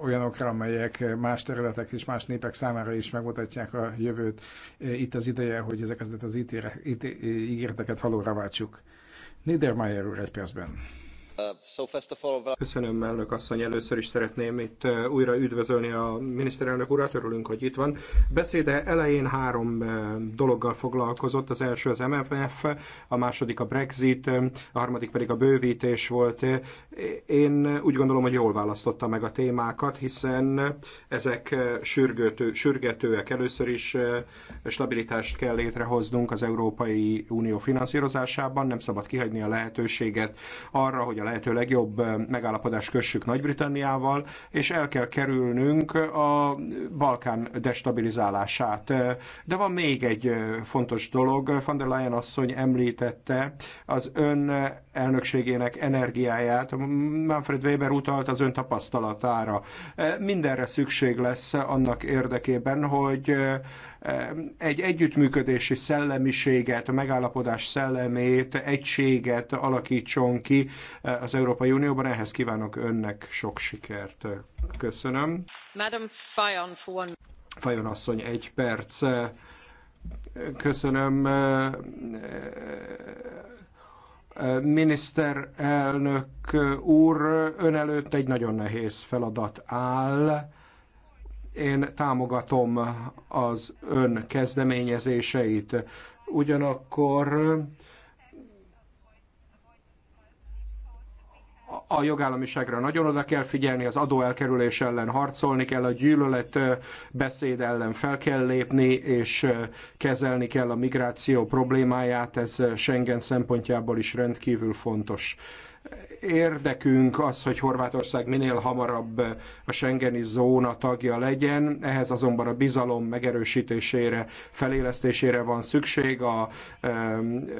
olyanokra, amelyek más területek és más népek számára is megmutatják a jövőt. Itt az ideje, hogy ezeket az ígéreteket valóra váltsuk. Niedermayer úr egy percben. Köszönöm, elnök asszony. Először is szeretném itt újra üdvözölni a miniszterelnök urat. Örülünk, hogy itt van. Beszéde elején három dologgal foglalkozott. Az első az MFF, a második a Brexit, a harmadik pedig a bővítés volt. Én úgy gondolom, hogy jól választotta meg a témákat, hiszen ezek sürgető, sürgetőek. Először is stabilitást kell létrehoznunk az Európai Unió finanszírozásában. Nem szabad kihagyni a lehetőséget arra, hogy a a lehető legjobb megállapodást kössük Nagy-Britanniával, és el kell kerülnünk a Balkán destabilizálását. De van még egy fontos dolog, van der Leyen asszony említette az ön elnökségének energiáját, Manfred Weber utalt az ön tapasztalatára. Mindenre szükség lesz annak érdekében, hogy egy együttműködési szellemiséget, megállapodás szellemét, egységet alakítson ki e, az Európai Unióban. Ehhez kívánok önnek sok sikert. Köszönöm. Madam Fajon, for one... Fajon asszony, egy perc. Köszönöm e, e, miniszterelnök úr, ön előtt egy nagyon nehéz feladat áll. Én támogatom az ön kezdeményezéseit, ugyanakkor a jogállamiságra nagyon oda kell figyelni, az adóelkerülés ellen harcolni kell, a gyűlölet beszéd ellen fel kell lépni, és kezelni kell a migráció problémáját, ez Schengen szempontjából is rendkívül fontos érdekünk az, hogy Horvátország minél hamarabb a Schengeni zóna tagja legyen, ehhez azonban a bizalom megerősítésére, felélesztésére van szükség, a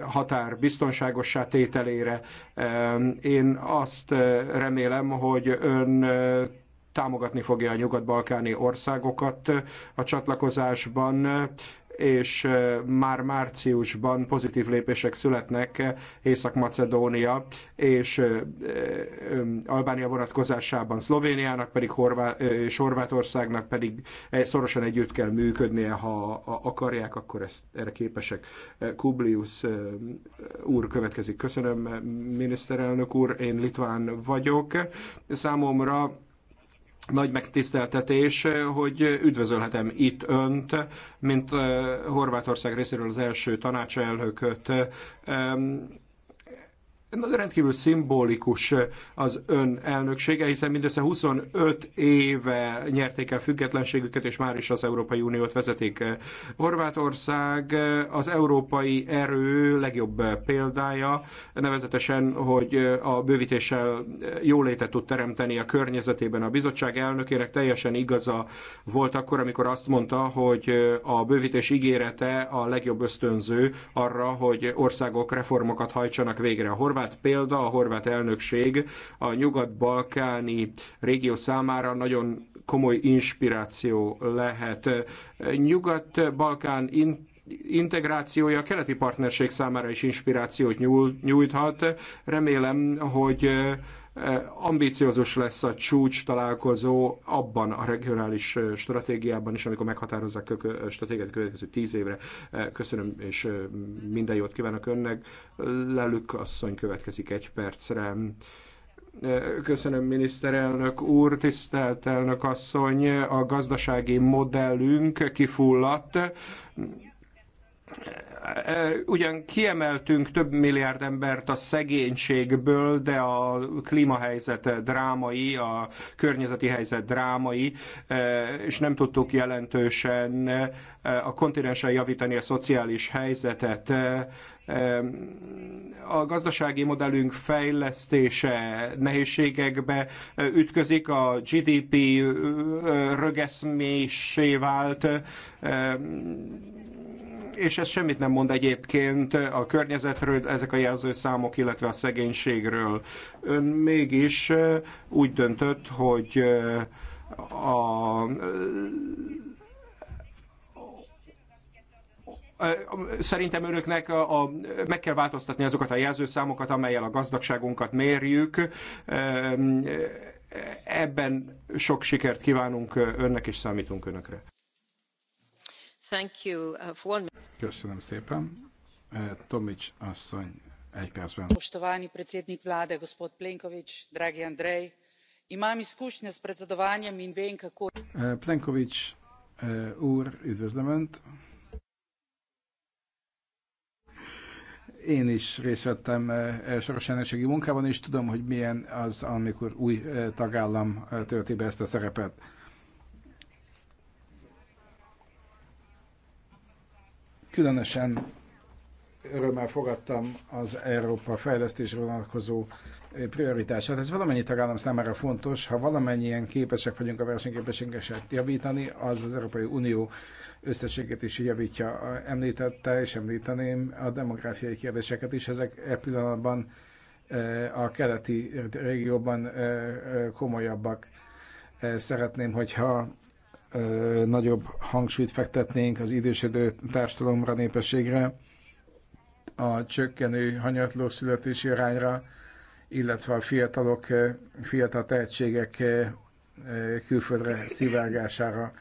határ biztonságossá tételére. Én azt eh, remélem, hogy ön eh, támogatni fogja a nyugat-balkáni országokat eh, a csatlakozásban, és már márciusban pozitív lépések születnek Észak-Macedónia és Albánia vonatkozásában, Szlovéniának pedig Horvá- és Horvátországnak pedig szorosan együtt kell működnie, ha akarják, akkor ezt, erre képesek. Kublius úr következik. Köszönöm, miniszterelnök úr, én Litván vagyok. Számomra nagy megtiszteltetés, hogy üdvözölhetem itt önt, mint eh, Horvátország részéről az első tanácselnököt rendkívül szimbolikus eh, az ön elnöksége, hiszen mindössze 25 éve nyerték el függetlenségüket, és már is az Európai Uniót vezetik. Eh. Horvátország eh, az európai erő legjobb példája, nevezetesen, hogy a bővítéssel jólétet tud teremteni a környezetében. A bizottság elnökének teljesen igaza volt akkor, amikor azt mondta, hogy a bővítés ígérete a legjobb ösztönző arra, hogy országok reformokat hajtsanak végre. A horvát horvát példa, a horvát elnökség a nyugat-balkáni régió számára nagyon komoly inspiráció lehet. Nyugat-Balkán integrációja a keleti partnerség számára is inspirációt nyújthat. Remélem, hogy Ambíciózus lesz a csúcs találkozó abban a regionális stratégiában is, amikor meghatározzák a stratégiát a következő tíz évre. Köszönöm, és minden jót kívánok önnek. Lelük asszony következik egy percre. Köszönöm, miniszterelnök úr, tisztelt elnök asszony, a gazdasági modellünk kifulladt Ugyan kiemeltünk több milliárd embert a szegénységből, de a klímahelyzet drámai, a környezeti helyzet drámai, e, és nem tudtuk jelentősen e, a kontinensen javítani a szociális helyzetet. E, a gazdasági modellünk fejlesztése nehézségekbe ütközik, a GDP rögeszmésé vált, és ez semmit nem mond egyébként a környezetről, ezek a jelzőszámok, illetve a szegénységről. Ön mégis úgy döntött, hogy a szerintem önöknek a, a, meg kell változtatni azokat a jelzőszámokat, amelyel a gazdagságunkat mérjük. Ebben sok sikert kívánunk önnek, és számítunk önökre. Thank you uh, for one... Köszönöm szépen. Uh, Tomics asszony, egy percben. Spoštovani predsednik vlade, gospod Plenković, dragi Andrej, imam izkušnje s predsedovanjem in vem, kako... Uh, Plenković úr, üdvözlöm Önt. én is részt vettem soros elnökségi munkában, és tudom, hogy milyen az, amikor új tagállam tölti be ezt a szerepet. Különösen örömmel fogadtam az Európa fejlesztésre vonatkozó eh, prioritását. Ez valamennyi tagállam számára fontos. Ha valamennyien képesek vagyunk a versenyképességet javítani, az az Európai Unió összességét is javítja. Említette és említeném a demográfiai kérdéseket is. Ezek e pillanatban eh, a keleti régióban eh, komolyabbak. Szeretném, hogyha nagyobb hangsúlyt fektetnénk az idősödő társadalomra, népességre, a csökkenő hanyatló születési arányra, illetve a fiatalok, fiatal tehetségek külföldre szivárgására,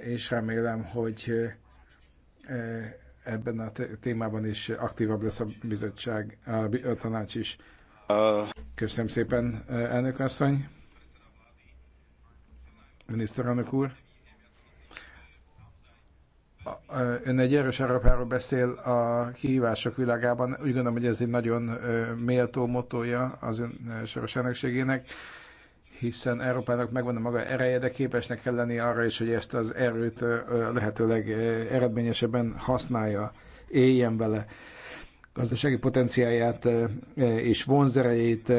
és remélem, hogy ebben a témában is aktívabb lesz a bizottság, a tanács is. Köszönöm szépen, elnök asszony! miniszterelnök úr. Ön egy erős Európáról beszél a kihívások világában. Úgy gondolom, hogy ez egy nagyon méltó motója az ön soros elnökségének, hiszen Európának megvan a maga ereje, de képesnek kell lenni arra is, hogy ezt az erőt lehetőleg eredményesebben használja, éljen vele gazdasági potenciáját és vonzerejét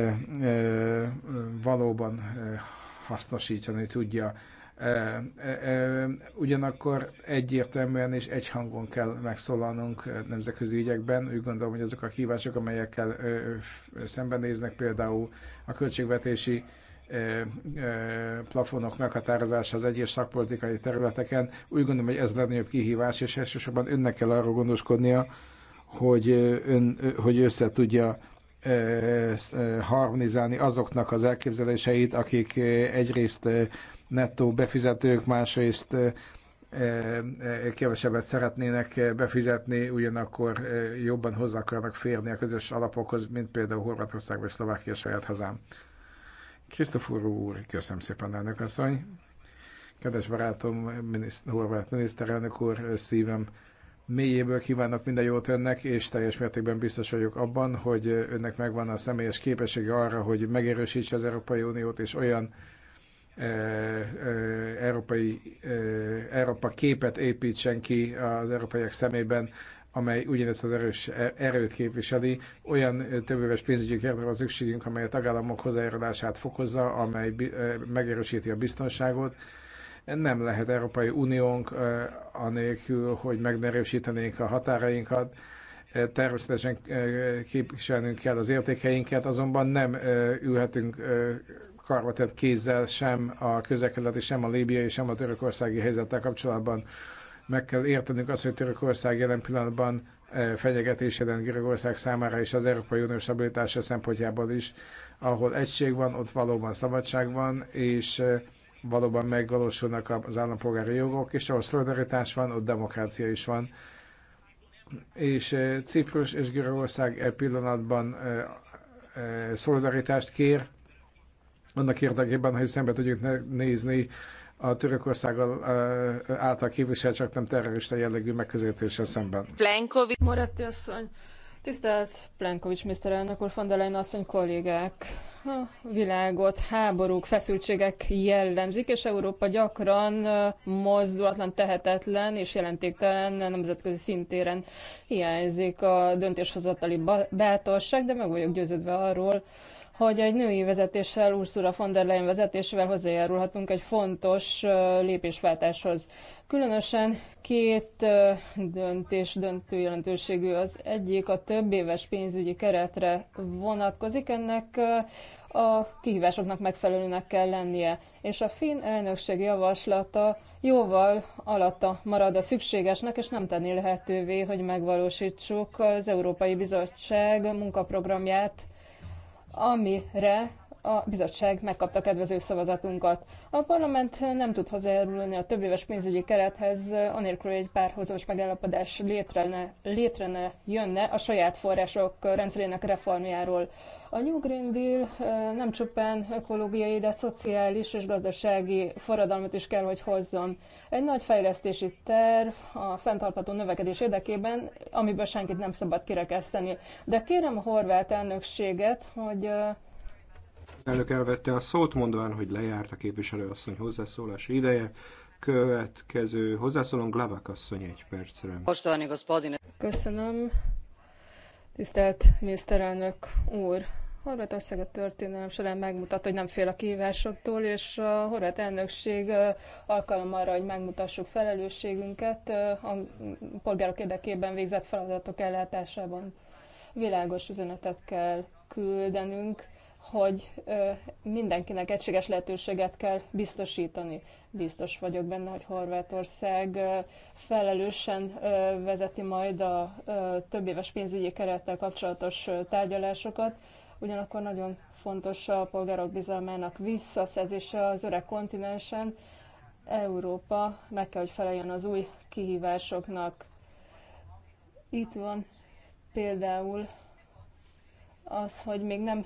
valóban hasznosítani tudja. Ugyanakkor egyértelműen és egy hangon kell megszólalnunk nemzetközi ügyekben. Úgy gondolom, hogy azok a kívások, amelyekkel szembenéznek, például a költségvetési plafonok meghatározása az egyes szakpolitikai területeken. Úgy gondolom, hogy ez a legnagyobb kihívás, és elsősorban önnek kell arról gondoskodnia, hogy, ön, hogy össze tudja harmonizálni azoknak az elképzeléseit, akik egyrészt nettó befizetők, másrészt kevesebbet szeretnének befizetni, ugyanakkor jobban hozzá akarnak férni a közös alapokhoz, mint például Horvátország vagy Szlovákia saját hazám. Krisztofor úr, köszönöm szépen, elnök asszony. Kedves barátom, miniszt, horvát miniszterelnök úr, szívem mélyéből kívánok minden jót önnek, és teljes mértékben biztos vagyok abban, hogy önnek megvan a személyes képessége arra, hogy megerősítse az Európai Uniót, és olyan e, e, európai e, Európa képet építsen ki az európaiak szemében, amely ugyanezt az erős, erőt képviseli. Olyan többéves pénzügyi keretre van szükségünk, amely a tagállamok hozzájárulását fokozza, amely megerősíti a biztonságot, nem lehet Európai Uniónk anélkül, hogy megnerősítenénk a határainkat. Természetesen képviselnünk kell az értékeinket, azonban nem ülhetünk karvatett kézzel sem a közelkeleti, sem a líbiai, sem a törökországi helyzettel kapcsolatban. Meg kell értenünk azt, hogy Törökország jelen pillanatban fenyegetés jelent Görögország számára és az Európai Unió stabilitása szempontjából is. Ahol egység van, ott valóban szabadság van, és valóban megvalósulnak az állampolgári jogok, és ahol szolidaritás van, ott demokrácia is van. És eh, Ciprus és Görögország e pillanatban eh, eh, szolidaritást kér, annak érdekében, hogy szembe tudjuk nézni a Törökországgal által képviselt, csak nem terrorista jellegű megközelítéssel szemben. Plenkovics. Moretti asszony, tisztelt Plenkovics miniszterelnök úr, von der Leyen asszony kollégák a világot háborúk, feszültségek jellemzik, és Európa gyakran mozdulatlan, tehetetlen és jelentéktelen nemzetközi szintéren hiányzik a döntéshozatali bátorság, de meg vagyok győződve arról, hogy egy női vezetéssel, Ursula von der Leyen vezetésével hozzájárulhatunk egy fontos lépésváltáshoz. Különösen két döntés döntő jelentőségű. Az egyik a több éves pénzügyi keretre vonatkozik. Ennek a kihívásoknak megfelelőnek kell lennie, és a finn elnökség javaslata jóval alatta marad a szükségesnek, és nem tenni lehetővé, hogy megvalósítsuk az Európai Bizottság munkaprogramját, amire a bizottság megkapta kedvező szavazatunkat. A parlament nem tud hozzájárulni a éves pénzügyi kerethez, anélkül, hogy egy párhuzamos megállapodás létre ne, létre ne jönne a saját források rendszerének reformjáról. A New Green Deal nem csupán ökológiai, de szociális és gazdasági forradalmat is kell, hogy hozzon. Egy nagy fejlesztési terv a fenntartható növekedés érdekében, amiből senkit nem szabad kirekeszteni. De kérem a horvát elnökséget, hogy elnök elvette a szót, mondván, hogy lejárt a képviselőasszony hozzászólási ideje. Következő hozzászólom Glavak asszony egy percre. Köszönöm. Tisztelt miniszterelnök úr, Horvátország a történelem során megmutat, hogy nem fél a kívásoktól, és a horvát elnökség alkalom arra, hogy megmutassuk felelősségünket a polgárok érdekében végzett feladatok ellátásában. Világos üzenetet kell küldenünk, hogy mindenkinek egységes lehetőséget kell biztosítani. Biztos vagyok benne, hogy Horvátország felelősen vezeti majd a több éves pénzügyi kerettel kapcsolatos tárgyalásokat, ugyanakkor nagyon fontos a polgárok bizalmának visszaszerzése az öreg kontinensen. Európa meg kell, hogy feleljen az új kihívásoknak. Itt van például az, hogy még nem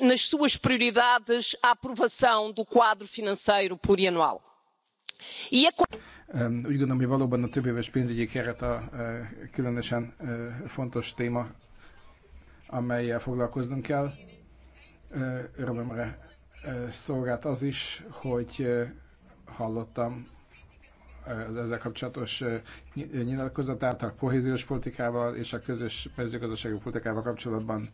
nas suas prioridades a aprovação do quadro financeiro plurianual. E úgy gondolom, hogy valóban a éves pénzügyi keret a e, különösen e, fontos téma, amelyel foglalkoznunk kell. Örömömre szolgált az is, hogy hallottam az ezzel kapcsolatos nyilatkozatát a kohéziós politikával és a közös mezőgazdasági politikával kapcsolatban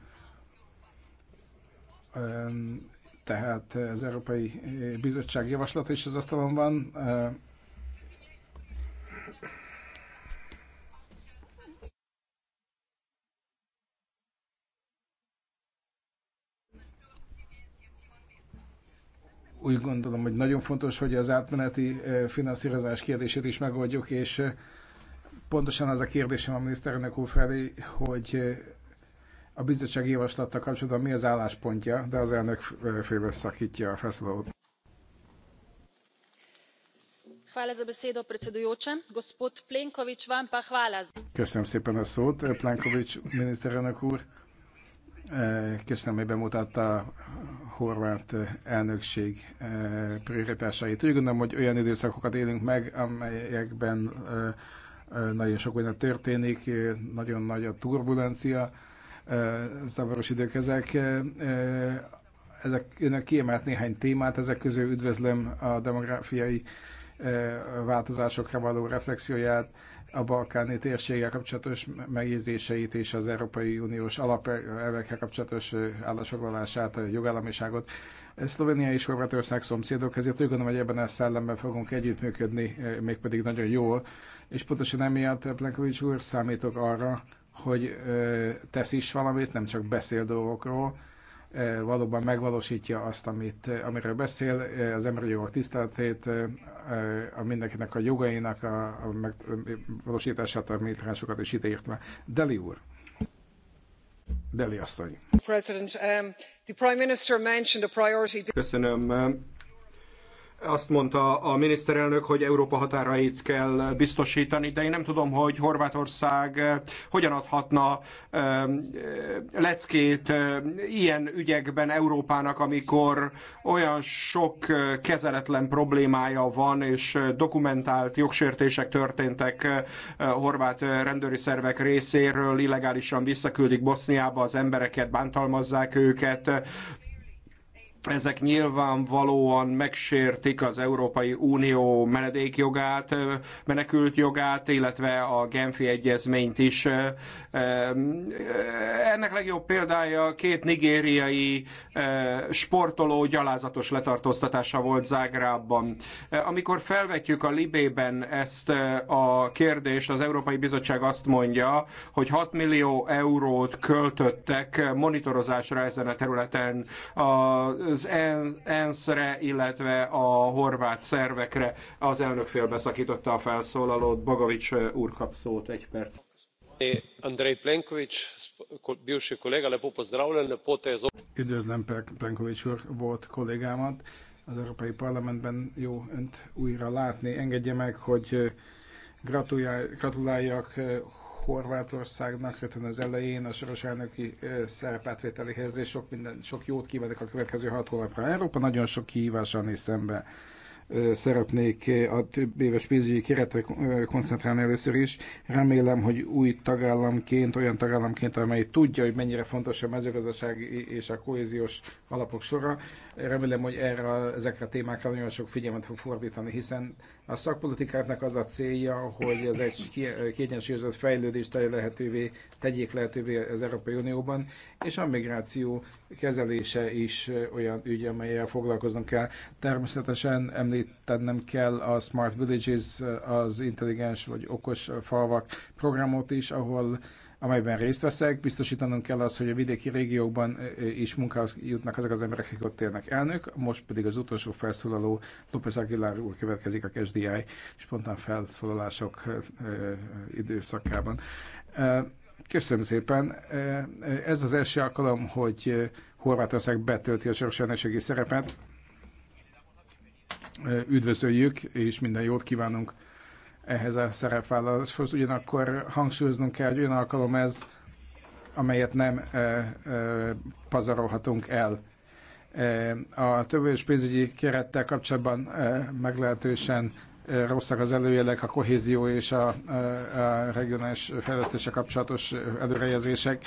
tehát az Európai Bizottság javaslata is az asztalon van. Úgy gondolom, hogy nagyon fontos, hogy az átmeneti finanszírozás kérdését is megoldjuk, és pontosan az a kérdésem a miniszterelnök úr felé, hogy a bizottsági javaslattal kapcsolatban mi az álláspontja, de az elnök szakítja a felszólalót. Köszönöm szépen a szót, Plenkovics miniszterelnök úr. E, köszönöm, hogy bemutatta a horvát elnökség e, prioritásait. Úgy gondolom, hogy olyan időszakokat élünk meg, amelyekben e, nagyon sok minden történik, nagyon nagy a turbulencia, zavaros idők ezek. Ezek önök kiemelt néhány témát, ezek közül üdvözlöm a demográfiai változásokra való reflexióját, a balkáni térséggel kapcsolatos megjegyzéseit és az Európai Uniós alapelvekkel kapcsolatos állásfoglalását, jogállamiságot. Szlovénia és Horvátország szomszédok, ezért úgy gondolom, hogy ebben a szellemben fogunk együttműködni, mégpedig nagyon jól, és pontosan emiatt Plenkovics úr számítok arra, hogy tesz is valamit, nem csak beszél dolgokról, valóban megvalósítja azt, amit, amiről beszél, az emberi jogok tiszteletét, a mindenkinek a jogainak a, a megvalósítását, a militánsokat is ideírtva. Deli úr. Deli asszony. Um, Köszönöm azt mondta a miniszterelnök, hogy Európa határait kell biztosítani, de én nem tudom, hogy Horvátország eh, hogyan adhatna eh, leckét eh, ilyen ügyekben Európának, amikor olyan sok kezeletlen problémája van, és dokumentált jogsértések történtek horvát rendőri szervek részéről, illegálisan visszaküldik Boszniába az embereket, bántalmazzák őket, ezek nyilvánvalóan megsértik az Európai Unió menedékjogát, menekült jogát, illetve a Genfi Egyezményt is. Ennek legjobb példája két nigériai sportoló gyalázatos letartóztatása volt Zágrában. Amikor felvetjük a Libében ezt a kérdést, az Európai Bizottság azt mondja, hogy 6 millió eurót költöttek monitorozásra ezen a területen. A az ENSZ-re, illetve a horvát szervekre. Az elnök félbeszakította a felszólalót. Bogovics úr kap szót egy perc. Andrej Plenković, bivši kolega, lepo pozdravljen, lepo te Üdvözlöm Plenković úr, volt kollégámat az Európai Parlamentben. Jó önt újra látni. Engedje meg, hogy gratuláljak Horvátországnak rögtön az elején a soros elnöki szerepátvételéhez, és sok, minden, sok jót kívánok a következő hat hónapra. Európa nagyon sok kihívással néz szembe szeretnék a több éves pénzügyi keretre koncentrálni először is. Remélem, hogy új tagállamként, olyan tagállamként, amely tudja, hogy mennyire fontos a mezőgazdaság és a kohéziós alapok sora, remélem, hogy erre, ezekre a témákra nagyon sok figyelmet fog fordítani, hiszen a szakpolitikáknak az a célja, hogy az egy kiegyensúlyozott fejlődést lehetővé, tegyék lehetővé az Európai Unióban, és a migráció kezelése is olyan ügy, amelyel foglalkozunk kell. Természetesen említ említenem kell a Smart Villages, az intelligens vagy okos falvak programot is, ahol amelyben részt veszek. Biztosítanunk kell az, hogy a vidéki régiókban e, e, is munkához jutnak azok az emberek, akik ott élnek elnök. Most pedig az utolsó felszólaló López Aguilar úr következik a KSDI spontán felszólalások e, időszakában. Köszönöm szépen. Ez az első alkalom, hogy Horvátország betölti a soros szerepet üdvözöljük, és minden jót kívánunk ehhez a szerepvállaláshoz. Ugyanakkor hangsúlyoznunk kell, hogy olyan alkalom ez, amelyet nem e, e, pazarolhatunk el. E, a többős pénzügyi kerettel kapcsolatban e, meglehetősen e, rosszak az előjelek, a kohézió és a, a, a regionális fejlesztése kapcsolatos előrejelzések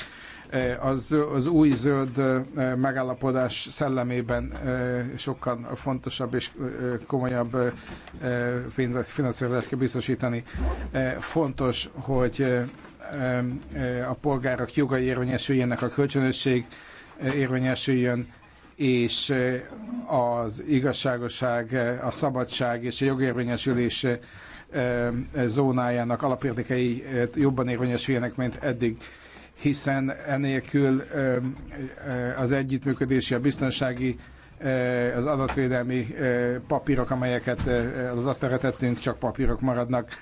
az, az új zöld megállapodás szellemében sokkal fontosabb és komolyabb finanszírozást kell biztosítani. Fontos, hogy a polgárok jogai érvényesüljenek, a kölcsönösség érvényesüljön, és az igazságoság, a szabadság és a jogérvényesülés zónájának alapértékei jobban érvényesüljenek, mint eddig hiszen enélkül az együttműködési, a biztonsági, az adatvédelmi papírok, amelyeket az asztalra tettünk, csak papírok maradnak.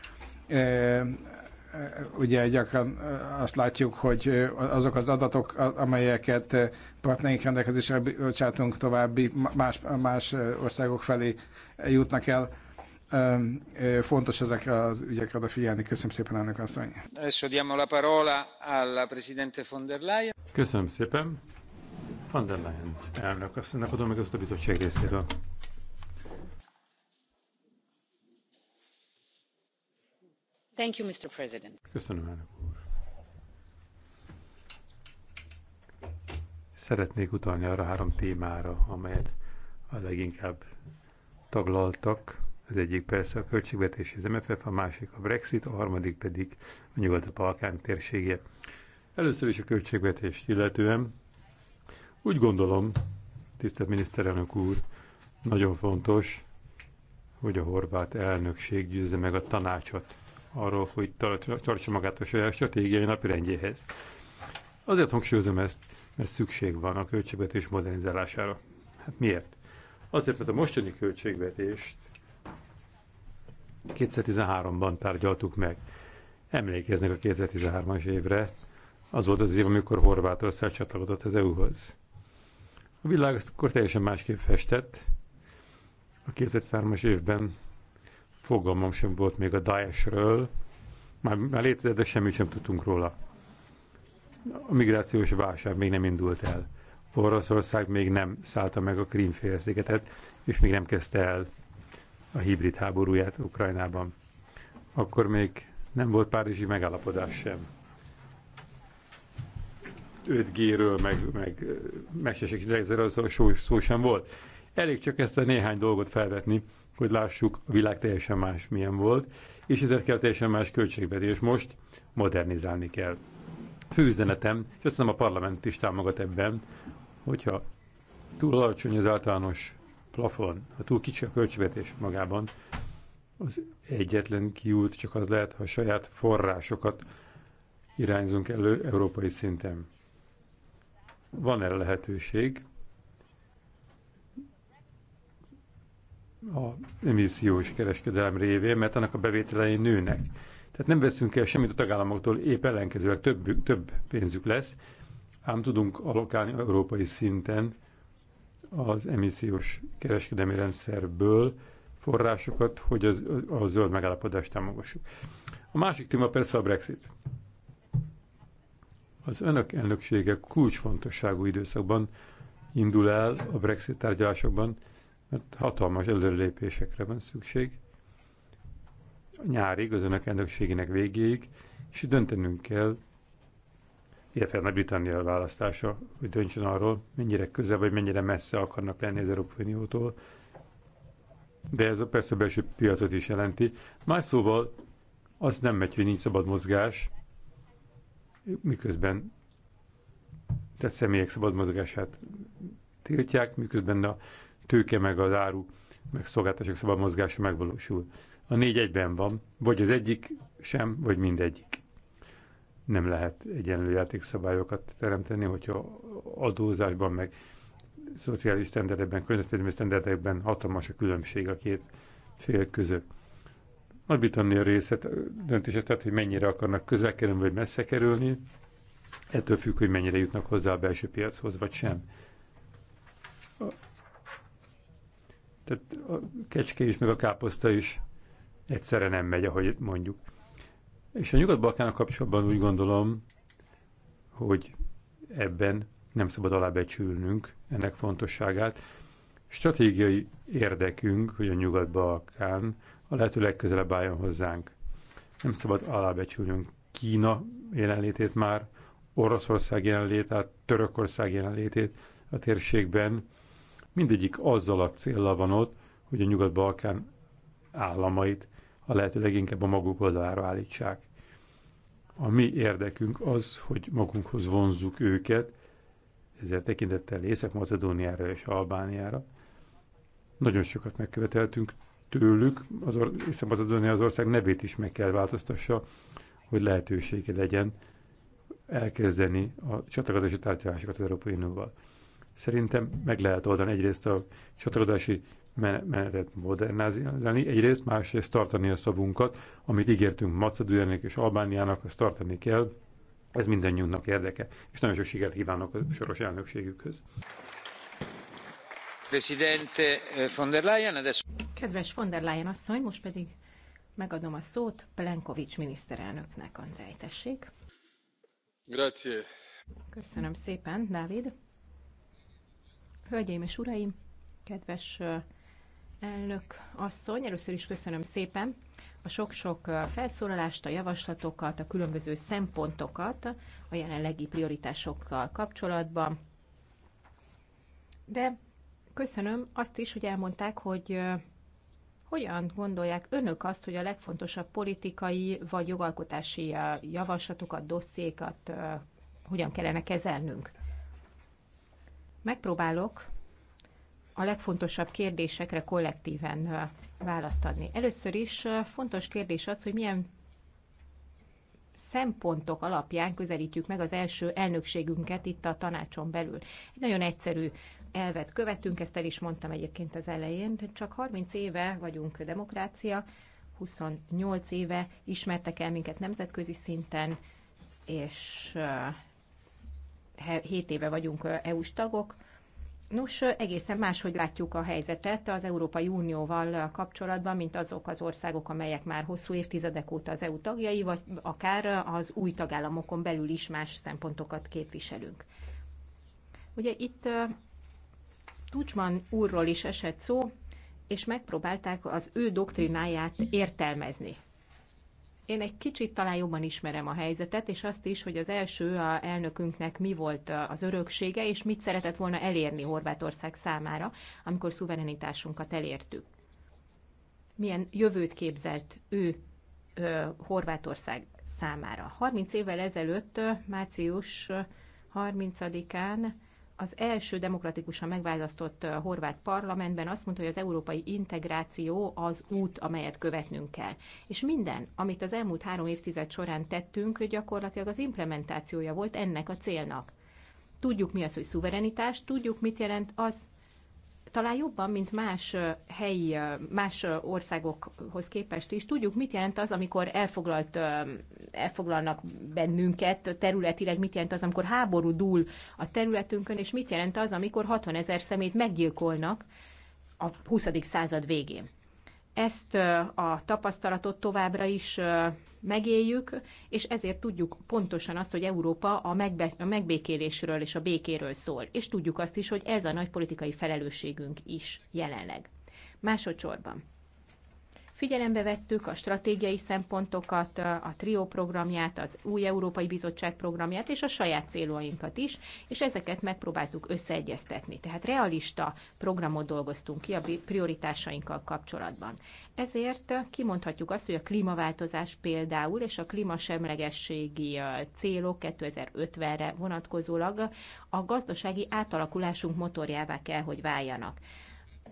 Ugye gyakran azt látjuk, hogy azok az adatok, amelyeket partnerink rendelkezésre bocsátunk további más, más országok felé jutnak el, Fontos ezekre az ügyekre odafigyelni. Köszönöm szépen, elnök asszony. Köszönöm szépen. Van der Leyen elnök asszonynak adom meg azt a bizottság részéről. Thank you, Mr. President. Köszönöm, elnök úr. Szeretnék utalni arra három témára, amelyet a leginkább taglaltak az egyik persze a költségvetési az MFF, a másik a Brexit, a harmadik pedig a Nyugat-Balkán térsége. Először is a költségvetést illetően úgy gondolom, tisztelt miniszterelnök úr, nagyon fontos, hogy a horvát elnökség győzze meg a tanácsot arról, hogy tartsa magát a saját stratégiai napirendjéhez. Azért hangsúlyozom ezt, mert szükség van a költségvetés modernizálására. Hát miért? Azért, mert a mostani költségvetést 2013-ban tárgyaltuk meg. Emlékeznek a 2013-as évre, az volt az év, amikor Horvátország csatlakozott az EU-hoz. A világ akkor teljesen másképp festett. A 2003-as évben fogalmam sem volt még a Daesh-ről, már, már létezett, de semmit sem tudtunk róla. A migrációs válság még nem indult el. Oroszország még nem szállta meg a Krímfélszigetet, és még nem kezdte el a hibrid háborúját Ukrajnában. Akkor még nem volt párizsi megállapodás sem. 5G-ről, meg, meg mesterségről szó, szó, szó sem volt. Elég csak ezt a néhány dolgot felvetni, hogy lássuk, a világ teljesen más milyen volt, és ezért kell teljesen más költségvetés most modernizálni kell. Főüzenetem, és azt hiszem a parlament is támogat ebben, hogyha túl alacsony az általános plafon, ha túl kicsi a költségvetés magában, az egyetlen kiút csak az lehet, ha saját forrásokat irányzunk elő európai szinten. Van erre lehetőség. a emissziós kereskedelem révén, mert annak a bevételei nőnek. Tehát nem veszünk el semmit a tagállamoktól, épp ellenkezőleg több, több pénzük lesz, ám tudunk alokálni európai szinten az emissziós kereskedelmi rendszerből forrásokat, hogy az, a zöld megállapodást támogassuk. A másik téma persze a Brexit. Az önök elnöksége kulcsfontosságú időszakban indul el a Brexit tárgyalásokban, mert hatalmas előrelépésekre van szükség. A nyárig, az önök elnökségének végéig, és döntenünk kell, illetve Nagy-Britannia választása, hogy döntsön arról, mennyire közel vagy mennyire messze akarnak lenni az Európai Uniótól. De ez a persze belső piacot is jelenti. Más szóval az nem megy, hogy nincs szabad mozgás, miközben tehát személyek szabad mozgását tiltják, miközben a tőke meg az áru meg szolgáltatások szabad mozgása megvalósul. A négy egyben van, vagy az egyik sem, vagy mindegyik nem lehet egyenlő játékszabályokat teremteni, hogyha adózásban, meg szociális sztenderdekben, környezetvédelmi sztenderdekben hatalmas a különbség a két fél között. Nagy-Britannia része döntése tehát, hogy mennyire akarnak közel kerülni, vagy messze kerülni, ettől függ, hogy mennyire jutnak hozzá a belső piachoz, vagy sem. A, tehát a kecske is, meg a káposzta is egyszerre nem megy, ahogy mondjuk. És a Nyugat-Balkán kapcsolatban úgy gondolom, hogy ebben nem szabad alábecsülnünk ennek fontosságát. Stratégiai érdekünk, hogy a Nyugat-Balkán a lehető legközelebb álljon hozzánk. Nem szabad alábecsülnünk Kína jelenlétét már, Oroszország jelenlétét, Törökország jelenlétét a térségben. Mindegyik azzal a célra van ott, hogy a Nyugat-Balkán államait a lehető leginkább a maguk oldalára állítsák. A mi érdekünk az, hogy magunkhoz vonzzuk őket, ezért tekintettel Észak-Macedóniára és Albániára. Nagyon sokat megköveteltünk tőlük, az or- Észak-Macedónia az ország nevét is meg kell változtassa, hogy lehetősége legyen elkezdeni a csatlakozási tárgyalásokat az Európai Unióval. Szerintem meg lehet oldani egyrészt a csatlakozási menetet modernizálni, egyrészt, másrészt tartani a szavunkat, amit ígértünk Macedóniának és Albániának, azt tartani kell, ez mindannyiunknak érdeke, és nagyon sok sikert kívánok a soros elnökségükhöz. Presidente eh, von der Leyen, adesso... Kedves von der Leyen asszony, most pedig megadom a szót Plenkovics miniszterelnöknek, Andrej tessék. Grazie. Köszönöm szépen, Dávid. Hölgyeim és uraim, kedves eh, elnök asszony. Először is köszönöm szépen a sok-sok felszólalást, a javaslatokat, a különböző szempontokat a jelenlegi prioritásokkal kapcsolatban. De köszönöm azt is, hogy elmondták, hogy hogyan gondolják önök azt, hogy a legfontosabb politikai vagy jogalkotási javaslatokat, dossziékat hogyan kellene kezelnünk? Megpróbálok a legfontosabb kérdésekre kollektíven választ adni. Először is fontos kérdés az, hogy milyen szempontok alapján közelítjük meg az első elnökségünket itt a tanácson belül. Egy nagyon egyszerű elvet követünk, ezt el is mondtam egyébként az elején, de csak 30 éve vagyunk demokrácia, 28 éve ismertek el minket nemzetközi szinten, és 7 éve vagyunk EU-s tagok, Nos, egészen máshogy látjuk a helyzetet az Európai Unióval kapcsolatban, mint azok az országok, amelyek már hosszú évtizedek óta az EU tagjai, vagy akár az új tagállamokon belül is más szempontokat képviselünk. Ugye itt Tucsman úrról is esett szó, és megpróbálták az ő doktrináját értelmezni. Én egy kicsit talán jobban ismerem a helyzetet, és azt is, hogy az első a elnökünknek mi volt az öröksége, és mit szeretett volna elérni Horvátország számára, amikor szuverenitásunkat elértük. Milyen jövőt képzelt ő ö, Horvátország számára. 30 évvel ezelőtt, március 30-án az első demokratikusan megválasztott horvát parlamentben azt mondta, hogy az európai integráció az út, amelyet követnünk kell. És minden, amit az elmúlt három évtized során tettünk, gyakorlatilag az implementációja volt ennek a célnak. Tudjuk mi az, hogy szuverenitás, tudjuk mit jelent az, talán jobban, mint más helyi, más országokhoz képest is tudjuk, mit jelent az, amikor elfoglalt, elfoglalnak bennünket területileg, mit jelent az, amikor háború dúl a területünkön, és mit jelent az, amikor 60 ezer szemét meggyilkolnak a 20. század végén ezt a tapasztalatot továbbra is megéljük, és ezért tudjuk pontosan azt, hogy Európa a, megbe- a megbékélésről és a békéről szól, és tudjuk azt is, hogy ez a nagy politikai felelősségünk is jelenleg. Másodszorban Figyelembe vettük a stratégiai szempontokat, a TRIO programját, az új Európai Bizottság programját és a saját célainkat is, és ezeket megpróbáltuk összeegyeztetni. Tehát realista programot dolgoztunk ki a prioritásainkkal kapcsolatban. Ezért kimondhatjuk azt, hogy a klímaváltozás például és a klímasemlegességi célok 2050-re vonatkozólag a gazdasági átalakulásunk motorjává kell, hogy váljanak.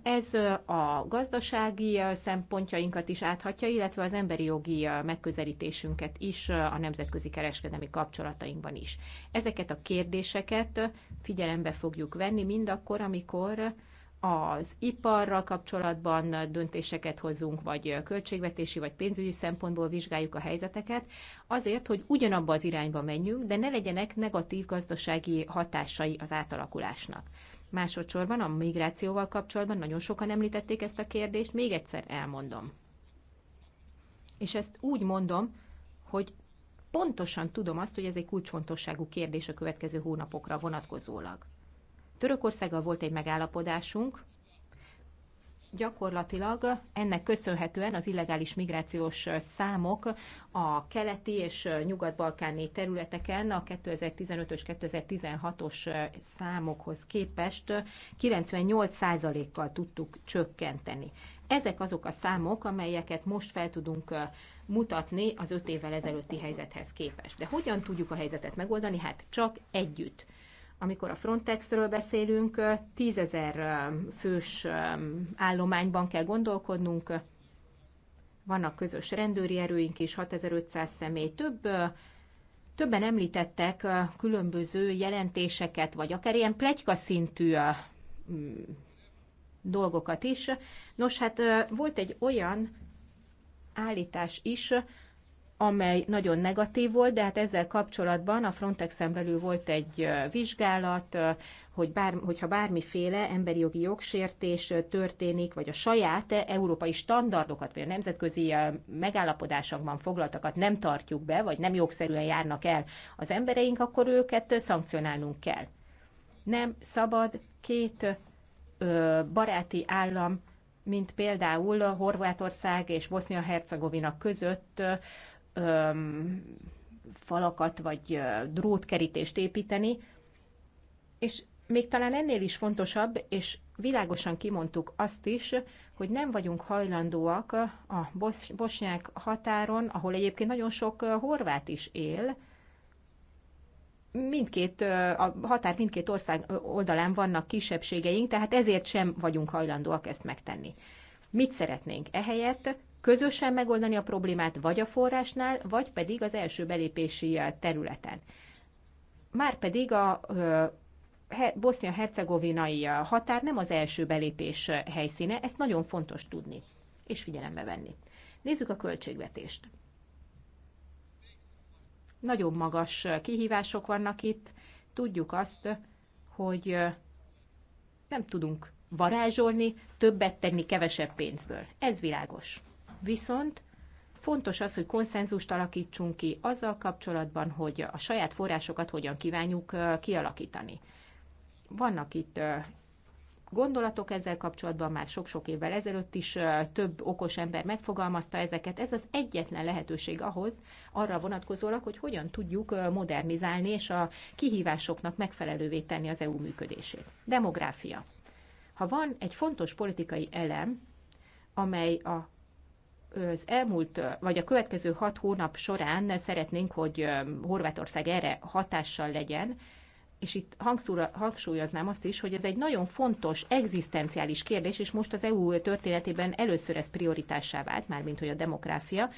Ez a gazdasági szempontjainkat is áthatja, illetve az emberi jogi megközelítésünket is a nemzetközi kereskedelmi kapcsolatainkban is. Ezeket a kérdéseket figyelembe fogjuk venni mindakkor, amikor az iparral kapcsolatban döntéseket hozunk, vagy költségvetési, vagy pénzügyi szempontból vizsgáljuk a helyzeteket, azért, hogy ugyanabba az irányba menjünk, de ne legyenek negatív gazdasági hatásai az átalakulásnak. Másodszorban a migrációval kapcsolatban nagyon sokan említették ezt a kérdést, még egyszer elmondom. És ezt úgy mondom, hogy pontosan tudom azt, hogy ez egy kulcsfontosságú kérdés a következő hónapokra vonatkozólag. Törökországgal volt egy megállapodásunk, gyakorlatilag ennek köszönhetően az illegális migrációs számok a keleti és nyugat-balkáni területeken a 2015-ös, 2016-os számokhoz képest 98%-kal tudtuk csökkenteni. Ezek azok a számok, amelyeket most fel tudunk mutatni az öt évvel ezelőtti helyzethez képest. De hogyan tudjuk a helyzetet megoldani? Hát csak együtt amikor a Frontexről beszélünk, tízezer fős állományban kell gondolkodnunk, vannak közös rendőri erőink is, 6500 személy, több Többen említettek különböző jelentéseket, vagy akár ilyen plegyka szintű dolgokat is. Nos, hát volt egy olyan állítás is, amely nagyon negatív volt, de hát ezzel kapcsolatban a Frontexen belül volt egy vizsgálat, hogy bár, hogyha bármiféle emberi jogi jogsértés történik, vagy a saját európai standardokat, vagy a nemzetközi megállapodásokban foglaltakat nem tartjuk be, vagy nem jogszerűen járnak el az embereink, akkor őket szankcionálnunk kell. Nem szabad két ö, baráti állam, mint például Horvátország és Bosznia-Hercegovina között öm, falakat vagy drótkerítést építeni, és még talán ennél is fontosabb, és világosan kimondtuk azt is, hogy nem vagyunk hajlandóak a bosnyák határon, ahol egyébként nagyon sok horvát is él, mindkét, a határ mindkét ország oldalán vannak kisebbségeink, tehát ezért sem vagyunk hajlandóak ezt megtenni. Mit szeretnénk? Ehelyett közösen megoldani a problémát vagy a forrásnál, vagy pedig az első belépési területen. Márpedig a bosznia-hercegovinai határ nem az első belépés helyszíne, ezt nagyon fontos tudni és figyelembe venni. Nézzük a költségvetést. Nagyon magas kihívások vannak itt. Tudjuk azt, hogy nem tudunk varázsolni, többet tenni kevesebb pénzből. Ez világos. Viszont fontos az, hogy konszenzust alakítsunk ki azzal kapcsolatban, hogy a saját forrásokat hogyan kívánjuk kialakítani. Vannak itt gondolatok ezzel kapcsolatban már sok-sok évvel ezelőtt is több okos ember megfogalmazta ezeket. Ez az egyetlen lehetőség ahhoz, arra vonatkozólag, hogy hogyan tudjuk modernizálni és a kihívásoknak megfelelővé tenni az EU működését. Demográfia. Ha van egy fontos politikai elem, amely a az elmúlt, vagy a következő hat hónap során szeretnénk, hogy Horvátország erre hatással legyen, és itt hangsúlyoznám azt is, hogy ez egy nagyon fontos, egzisztenciális kérdés, és most az EU történetében először ez prioritássá vált, mármint hogy a demográfia,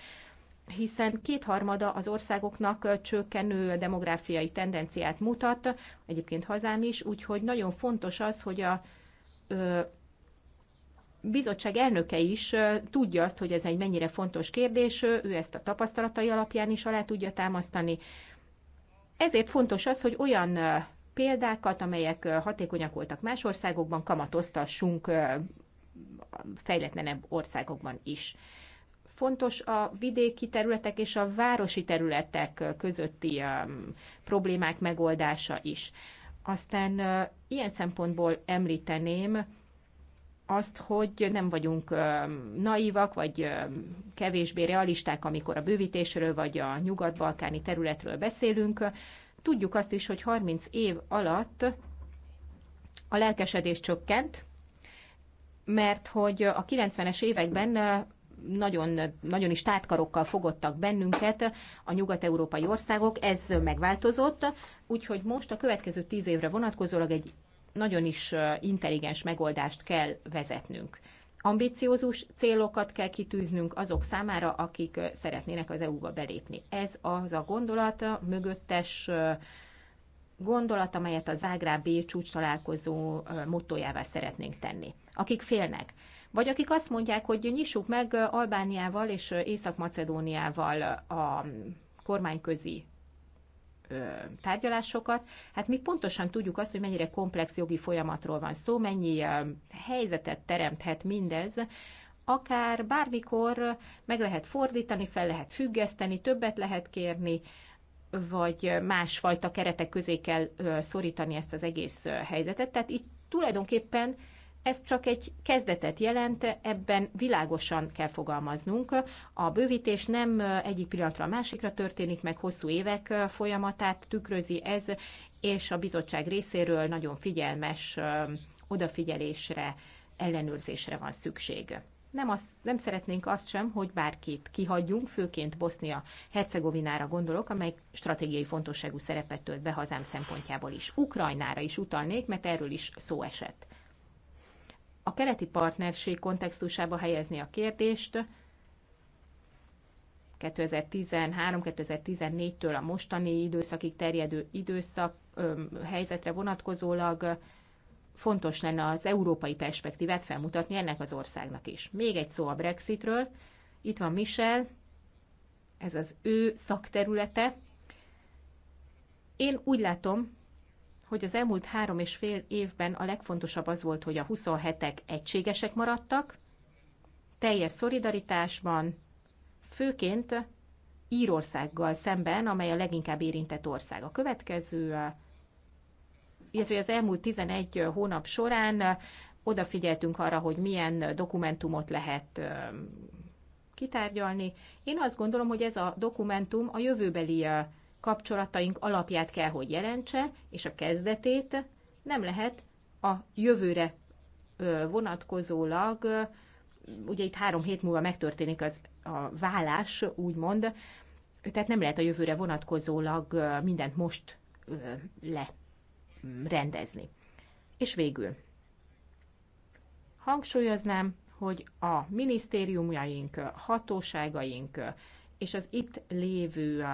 hiszen kétharmada az országoknak csökkenő demográfiai tendenciát mutat, egyébként hazám is, úgyhogy nagyon fontos az, hogy a bizottság elnöke is tudja azt, hogy ez egy mennyire fontos kérdés, ő ezt a tapasztalatai alapján is alá tudja támasztani. Ezért fontos az, hogy olyan példákat, amelyek hatékonyak voltak más országokban, kamatoztassunk fejletlenebb országokban is. Fontos a vidéki területek és a városi területek közötti problémák megoldása is. Aztán ilyen szempontból említeném azt, hogy nem vagyunk naívak, vagy kevésbé realisták, amikor a bővítésről, vagy a nyugat-balkáni területről beszélünk. Tudjuk azt is, hogy 30 év alatt a lelkesedés csökkent, mert hogy a 90-es években nagyon, nagyon is tátkarokkal fogottak bennünket a nyugat-európai országok, ez megváltozott, úgyhogy most a következő tíz évre vonatkozólag egy nagyon is intelligens megoldást kell vezetnünk. Ambiciózus célokat kell kitűznünk azok számára, akik szeretnének az EU-ba belépni. Ez az a gondolata, mögöttes gondolat, amelyet a Zágrábi csúcs találkozó mottojává szeretnénk tenni. Akik félnek, vagy akik azt mondják, hogy nyissuk meg Albániával és Észak-Macedóniával a kormányközi tárgyalásokat, hát mi pontosan tudjuk azt, hogy mennyire komplex jogi folyamatról van szó, mennyi helyzetet teremthet mindez, akár bármikor meg lehet fordítani, fel lehet függeszteni, többet lehet kérni, vagy másfajta keretek közé kell szorítani ezt az egész helyzetet. Tehát itt tulajdonképpen ez csak egy kezdetet jelent, ebben világosan kell fogalmaznunk. A bővítés nem egyik pillanatra a másikra történik, meg hosszú évek folyamatát tükrözi ez, és a bizottság részéről nagyon figyelmes odafigyelésre, ellenőrzésre van szükség. Nem, azt, nem szeretnénk azt sem, hogy bárkit kihagyjunk, főként Bosznia-Hercegovinára gondolok, amely stratégiai fontosságú szerepet tölt be hazám szempontjából is. Ukrajnára is utalnék, mert erről is szó esett a kereti partnerség kontextusába helyezni a kérdést, 2013-2014-től a mostani időszakig terjedő időszak ö, helyzetre vonatkozólag fontos lenne az európai perspektívát felmutatni ennek az országnak is. Még egy szó a Brexitről. Itt van Michel, ez az ő szakterülete. Én úgy látom, hogy az elmúlt három és fél évben a legfontosabb az volt, hogy a 27-ek egységesek maradtak, teljes szolidaritásban, főként Írországgal szemben, amely a leginkább érintett ország. A következő, illetve az elmúlt 11 hónap során odafigyeltünk arra, hogy milyen dokumentumot lehet kitárgyalni. Én azt gondolom, hogy ez a dokumentum a jövőbeli kapcsolataink alapját kell, hogy jelentse, és a kezdetét nem lehet a jövőre vonatkozólag, ugye itt három hét múlva megtörténik az a vállás, úgymond, tehát nem lehet a jövőre vonatkozólag mindent most lerendezni. És végül hangsúlyoznám, hogy a minisztériumjaink, hatóságaink és az itt lévő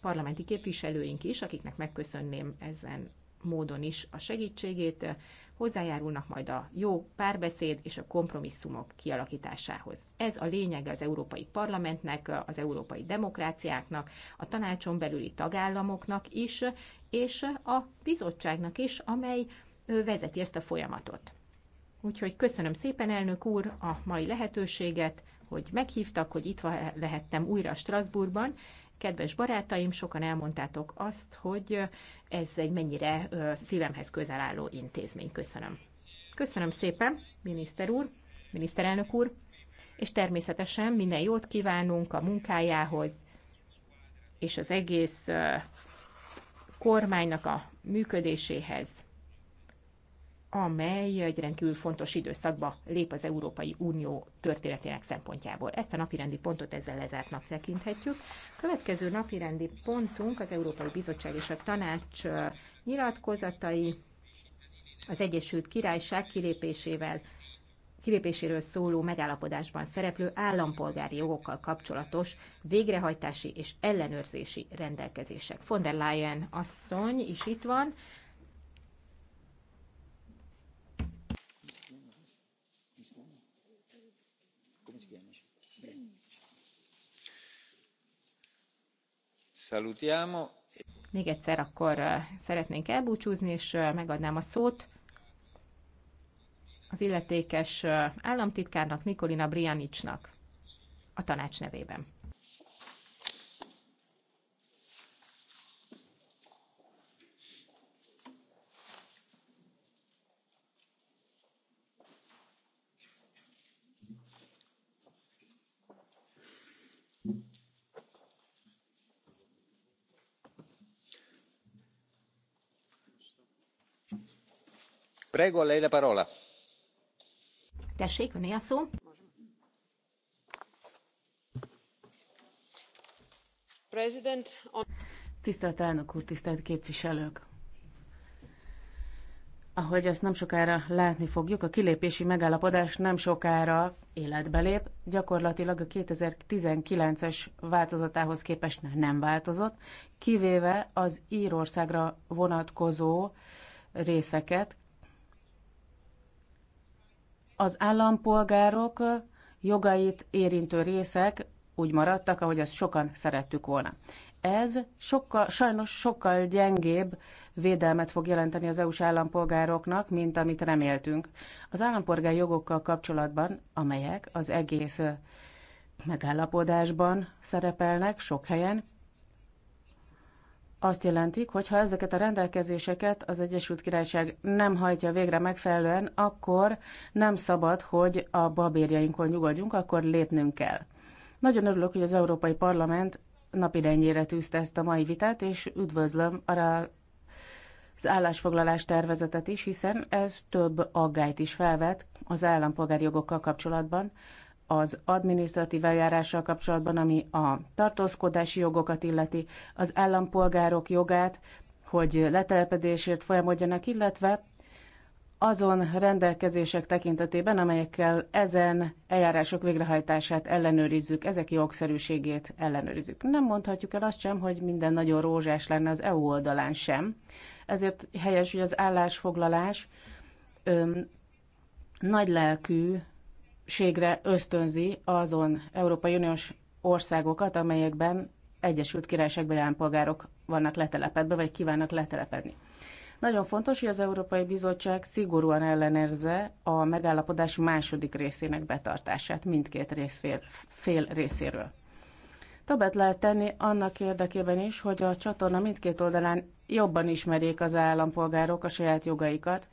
parlamenti képviselőink is, akiknek megköszönném ezen módon is a segítségét, hozzájárulnak majd a jó párbeszéd és a kompromisszumok kialakításához. Ez a lényege az Európai Parlamentnek, az európai demokráciáknak, a tanácson belüli tagállamoknak is, és a bizottságnak is, amely vezeti ezt a folyamatot. Úgyhogy köszönöm szépen, elnök úr, a mai lehetőséget, hogy meghívtak, hogy itt lehettem újra Strasbourgban, Kedves barátaim, sokan elmondtátok azt, hogy ez egy mennyire szívemhez közel álló intézmény. Köszönöm. Köszönöm szépen, miniszter úr, miniszterelnök úr, és természetesen minden jót kívánunk a munkájához, és az egész kormánynak a működéséhez amely egy rendkívül fontos időszakba lép az Európai Unió történetének szempontjából. Ezt a napirendi pontot ezzel lezártnak tekinthetjük. Következő napirendi pontunk az Európai Bizottság és a Tanács nyilatkozatai az Egyesült Királyság kilépésével kilépéséről szóló megállapodásban szereplő állampolgári jogokkal kapcsolatos végrehajtási és ellenőrzési rendelkezések. Von der Leyen asszony is itt van, Salutiamo. Még egyszer akkor eh, szeretnénk elbúcsúzni, és eh, megadnám a szót az illetékes eh, államtitkárnak, Nikolina Brianicsnak a tanács nevében. Tisztelt elnök úr, tisztelt képviselők! Ahogy ezt nem sokára látni fogjuk, a kilépési megállapodás nem sokára életbe lép, gyakorlatilag a 2019-es változatához képest nem változott, kivéve az Írországra vonatkozó részeket, az állampolgárok jogait érintő részek úgy maradtak, ahogy azt sokan szerettük volna. Ez sokkal, sajnos sokkal gyengébb védelmet fog jelenteni az EU-s állampolgároknak, mint amit reméltünk. Az állampolgár jogokkal kapcsolatban, amelyek az egész megállapodásban szerepelnek sok helyen, azt jelentik, hogy ha ezeket a rendelkezéseket az Egyesült Királyság nem hajtja végre megfelelően, akkor nem szabad, hogy a babérjainkon nyugodjunk, akkor lépnünk kell. Nagyon örülök, hogy az Európai Parlament napirendjére tűzte ezt a mai vitát, és üdvözlöm arra az állásfoglalás tervezetet is, hiszen ez több aggályt is felvet az állampolgári jogokkal kapcsolatban, az adminisztratív eljárással kapcsolatban, ami a tartózkodási jogokat illeti, az állampolgárok jogát, hogy letelepedésért folyamodjanak, illetve azon rendelkezések tekintetében, amelyekkel ezen eljárások végrehajtását ellenőrizzük, ezek jogszerűségét ellenőrizzük. Nem mondhatjuk el azt sem, hogy minden nagyon rózsás lenne az EU oldalán sem. Ezért helyes, hogy az állásfoglalás öm, nagy lelkű ségre ösztönzi azon Európai Uniós országokat, amelyekben Egyesült Királyságban állampolgárok vannak letelepedve, vagy kívánnak letelepedni. Nagyon fontos, hogy az Európai Bizottság szigorúan ellenérze a megállapodás második részének betartását mindkét részfél, fél részéről. Többet lehet tenni annak érdekében is, hogy a csatorna mindkét oldalán jobban ismerjék az állampolgárok a saját jogaikat,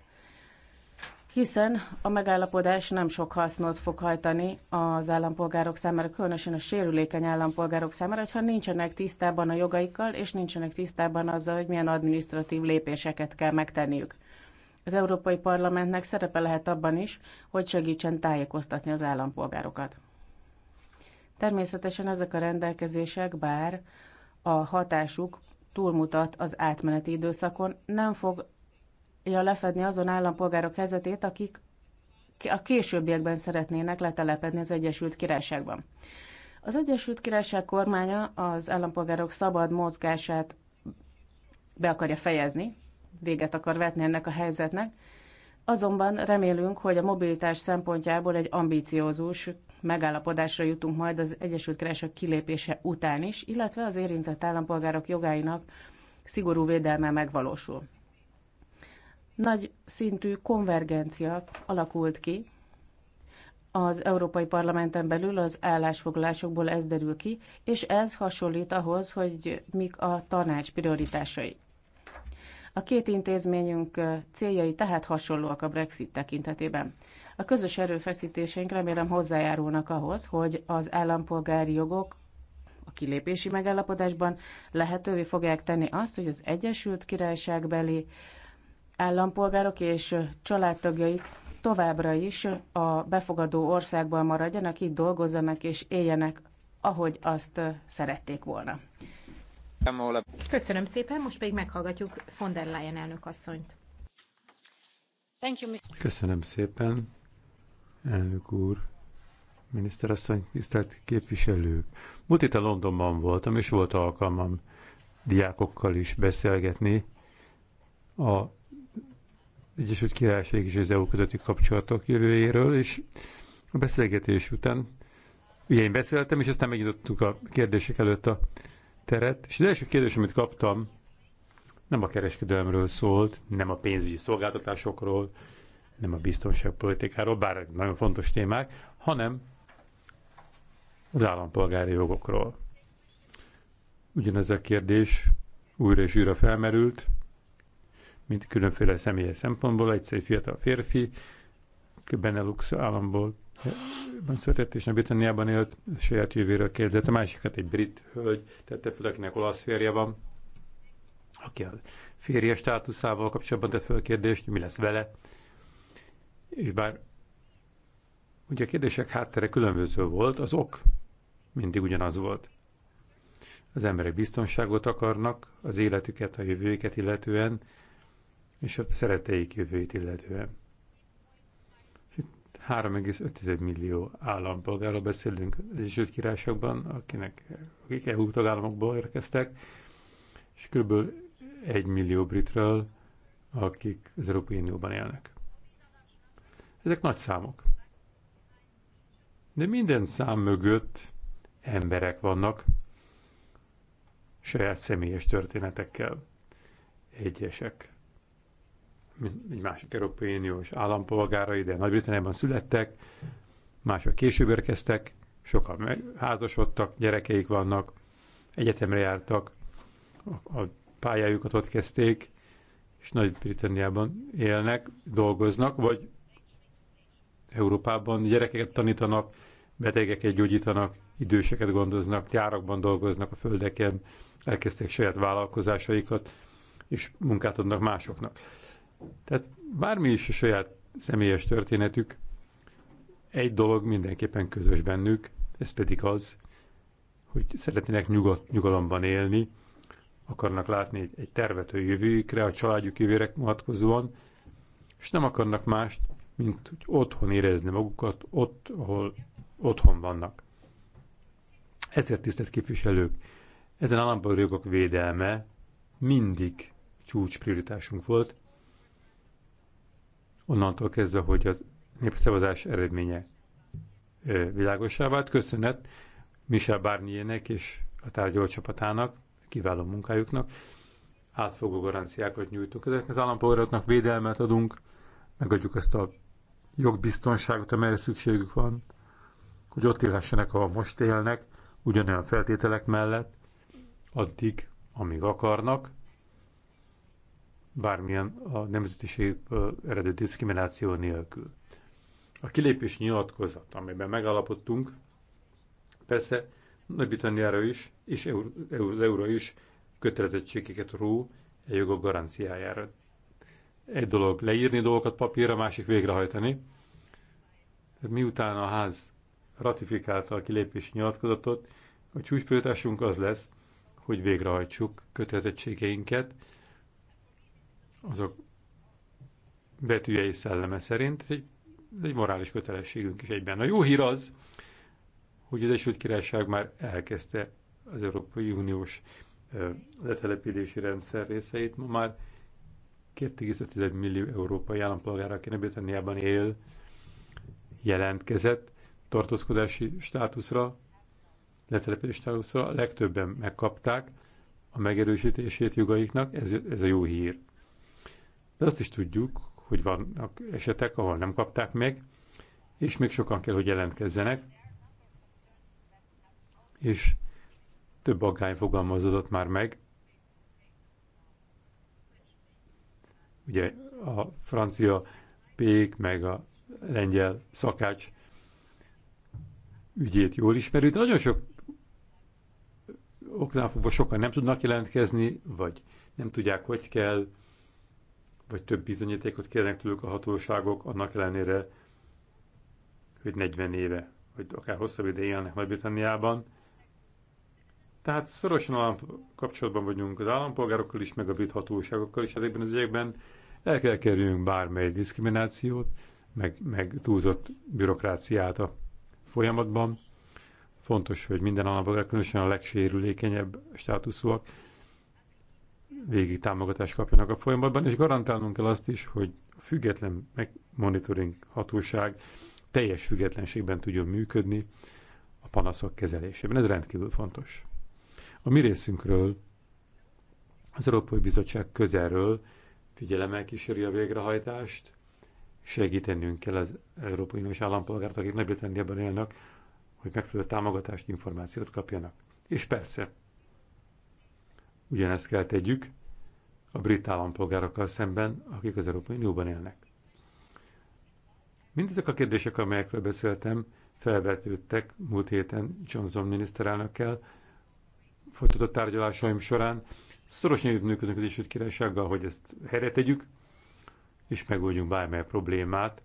hiszen a megállapodás nem sok hasznot fog hajtani az állampolgárok számára, különösen a sérülékeny állampolgárok számára, hogyha nincsenek tisztában a jogaikkal, és nincsenek tisztában azzal, hogy milyen administratív lépéseket kell megtenniük. Az Európai Parlamentnek szerepe lehet abban is, hogy segítsen tájékoztatni az állampolgárokat. Természetesen ezek a rendelkezések, bár a hatásuk túlmutat az átmeneti időszakon, nem fog lefedni azon állampolgárok helyzetét, akik a későbbiekben szeretnének letelepedni az Egyesült Királyságban. Az Egyesült Királyság kormánya az állampolgárok szabad mozgását be akarja fejezni, véget akar vetni ennek a helyzetnek, azonban remélünk, hogy a mobilitás szempontjából egy ambíciózus megállapodásra jutunk majd az Egyesült Királyság kilépése után is, illetve az érintett állampolgárok jogáinak szigorú védelme megvalósul nagy szintű konvergencia alakult ki az Európai Parlamenten belül az állásfoglalásokból ez derül ki, és ez hasonlít ahhoz, hogy mik a tanács prioritásai. A két intézményünk céljai tehát hasonlóak a Brexit tekintetében. A közös erőfeszítésénk remélem hozzájárulnak ahhoz, hogy az állampolgári jogok a kilépési megállapodásban lehetővé fogják tenni azt, hogy az Egyesült Királyságbeli állampolgárok és családtagjaik továbbra is a befogadó országban maradjanak, itt dolgozzanak és éljenek, ahogy azt szerették volna. Köszönöm szépen, most pedig meghallgatjuk von der Leyen elnök asszonyt. Köszönöm szépen, elnök úr, miniszterasszony, tisztelt képviselők. Múlt itt a Londonban voltam, és volt alkalmam diákokkal is beszélgetni a Egyesült Királyság és az EU közötti kapcsolatok jövőjéről, és a beszélgetés után, ugye én beszéltem, és aztán megnyitottuk a kérdések előtt a teret, és az első kérdés, amit kaptam, nem a kereskedelemről szólt, nem a pénzügyi szolgáltatásokról, nem a biztonságpolitikáról, bár nagyon fontos témák, hanem az állampolgári jogokról. Ugyanez a kérdés újra és újra felmerült, mint különféle személyes szempontból. Egyszer egy fiatal férfi, Benelux államból eh, született és Britanniában élt, saját jövőről kérdezett. A másikat egy brit hölgy tette fel, akinek olasz férje van, aki a férje státuszával kapcsolatban tett fel a kérdést, mi lesz vele. És bár ugye a kérdések háttere különböző volt, az ok mindig ugyanaz volt. Az emberek biztonságot akarnak, az életüket, a jövőjüket illetően, és a szereteik jövőjét illetően. 3,5 millió állampolgárról beszélünk az Egyesült Királyságban, akinek, akik EU tagállamokból érkeztek, és kb. 1 millió britről, akik az Európai Unióban élnek. Ezek nagy számok. De minden szám mögött emberek vannak, saját személyes történetekkel. Egyesek egy másik Európai Uniós állampolgára ide Nagy-Britanniában születtek, mások később érkeztek, sokan házasodtak, gyerekeik vannak, egyetemre jártak, a pályájukat ott kezdték, és Nagy-Britanniában élnek, dolgoznak, vagy Európában gyerekeket tanítanak, betegeket gyógyítanak, időseket gondoznak, gyárakban dolgoznak a földeken, elkezdték saját vállalkozásaikat, és munkát adnak másoknak. Tehát bármi is a saját személyes történetük, egy dolog mindenképpen közös bennük, ez pedig az, hogy szeretnének nyugod, nyugalomban élni, akarnak látni egy, egy tervet jövőjükre, a családjuk jövőre vonatkozóan, és nem akarnak mást, mint hogy otthon érezni magukat, ott, ahol otthon vannak. Ezért tisztelt képviselők, ezen állampolgárok védelme mindig csúcs prioritásunk volt, onnantól kezdve, hogy a népszavazás eredménye világosá vált. Köszönet Michel Barnier-nek és a tárgyaló csapatának, kiváló munkájuknak. Átfogó garanciákat nyújtunk. Ezeknek az állampolgároknak védelmet adunk, megadjuk ezt a jogbiztonságot, amelyre szükségük van, hogy ott élhessenek, ahol most élnek, ugyanolyan feltételek mellett, addig, amíg akarnak, bármilyen a nemzetiségből eredő diszkrimináció nélkül. A kilépés nyilatkozat, amiben megalapodtunk, persze Nagy-Britanniára is, és Euróra is kötelezettségeket ró a e jogok garanciájára. Egy dolog leírni dolgokat papírra, másik végrehajtani. Hát miután a ház ratifikálta a kilépési nyilatkozatot, a csúcsprioritásunk az lesz, hogy végrehajtsuk kötelezettségeinket, azok betűjei szelleme szerint. Ez egy, ez egy morális kötelességünk is egyben. A jó hír az, hogy az Egyesült Királyság már elkezdte az Európai Uniós letelepítési rendszer részeit. Ma már 2,5 millió európai állampolgár, aki Nebetaniában él, jelentkezett tartózkodási státuszra, letelepítési státuszra, a legtöbben megkapták a megerősítését jogaiknak, ez, ez a jó hír. De azt is tudjuk, hogy vannak esetek, ahol nem kapták meg, és még sokan kell, hogy jelentkezzenek, és több aggály fogalmazódott már meg. Ugye a francia pék, meg a lengyel szakács ügyét jól De Nagyon sok oknál fogva sokan nem tudnak jelentkezni, vagy nem tudják, hogy kell vagy több bizonyítékot kérnek tőlük a hatóságok, annak ellenére, hogy 40 éve, vagy akár hosszabb ideig élnek Nagy-Britanniában. Tehát szorosan kapcsolatban vagyunk az állampolgárokkal is, meg a brit hatóságokkal is ezekben az ügyekben. El kell kerüljünk bármely diszkriminációt, meg, meg túlzott bürokráciát a folyamatban. Fontos, hogy minden állampolgár, különösen a legsérülékenyebb státuszúak, végig támogatást kapjanak a folyamatban, és garantálnunk kell azt is, hogy független monitoring hatóság teljes függetlenségben tudjon működni a panaszok kezelésében. Ez rendkívül fontos. A mi részünkről az Európai Bizottság közelről figyelemmel kíséri a végrehajtást, segítenünk kell az Európai Uniós állampolgárt, akik nagy élnek, hogy megfelelő támogatást, információt kapjanak. És persze, Ugyanezt kell tegyük a brit állampolgárokkal szemben, akik az Európai Unióban élnek. Mindezek a kérdések, amelyekről beszéltem, felvetődtek múlt héten Johnson miniszterelnökkel folytatott tárgyalásaim során. Szorosan együttműködünk az Egyesült Királysággal, hogy ezt helyre tegyük, és megoldjunk bármely problémát,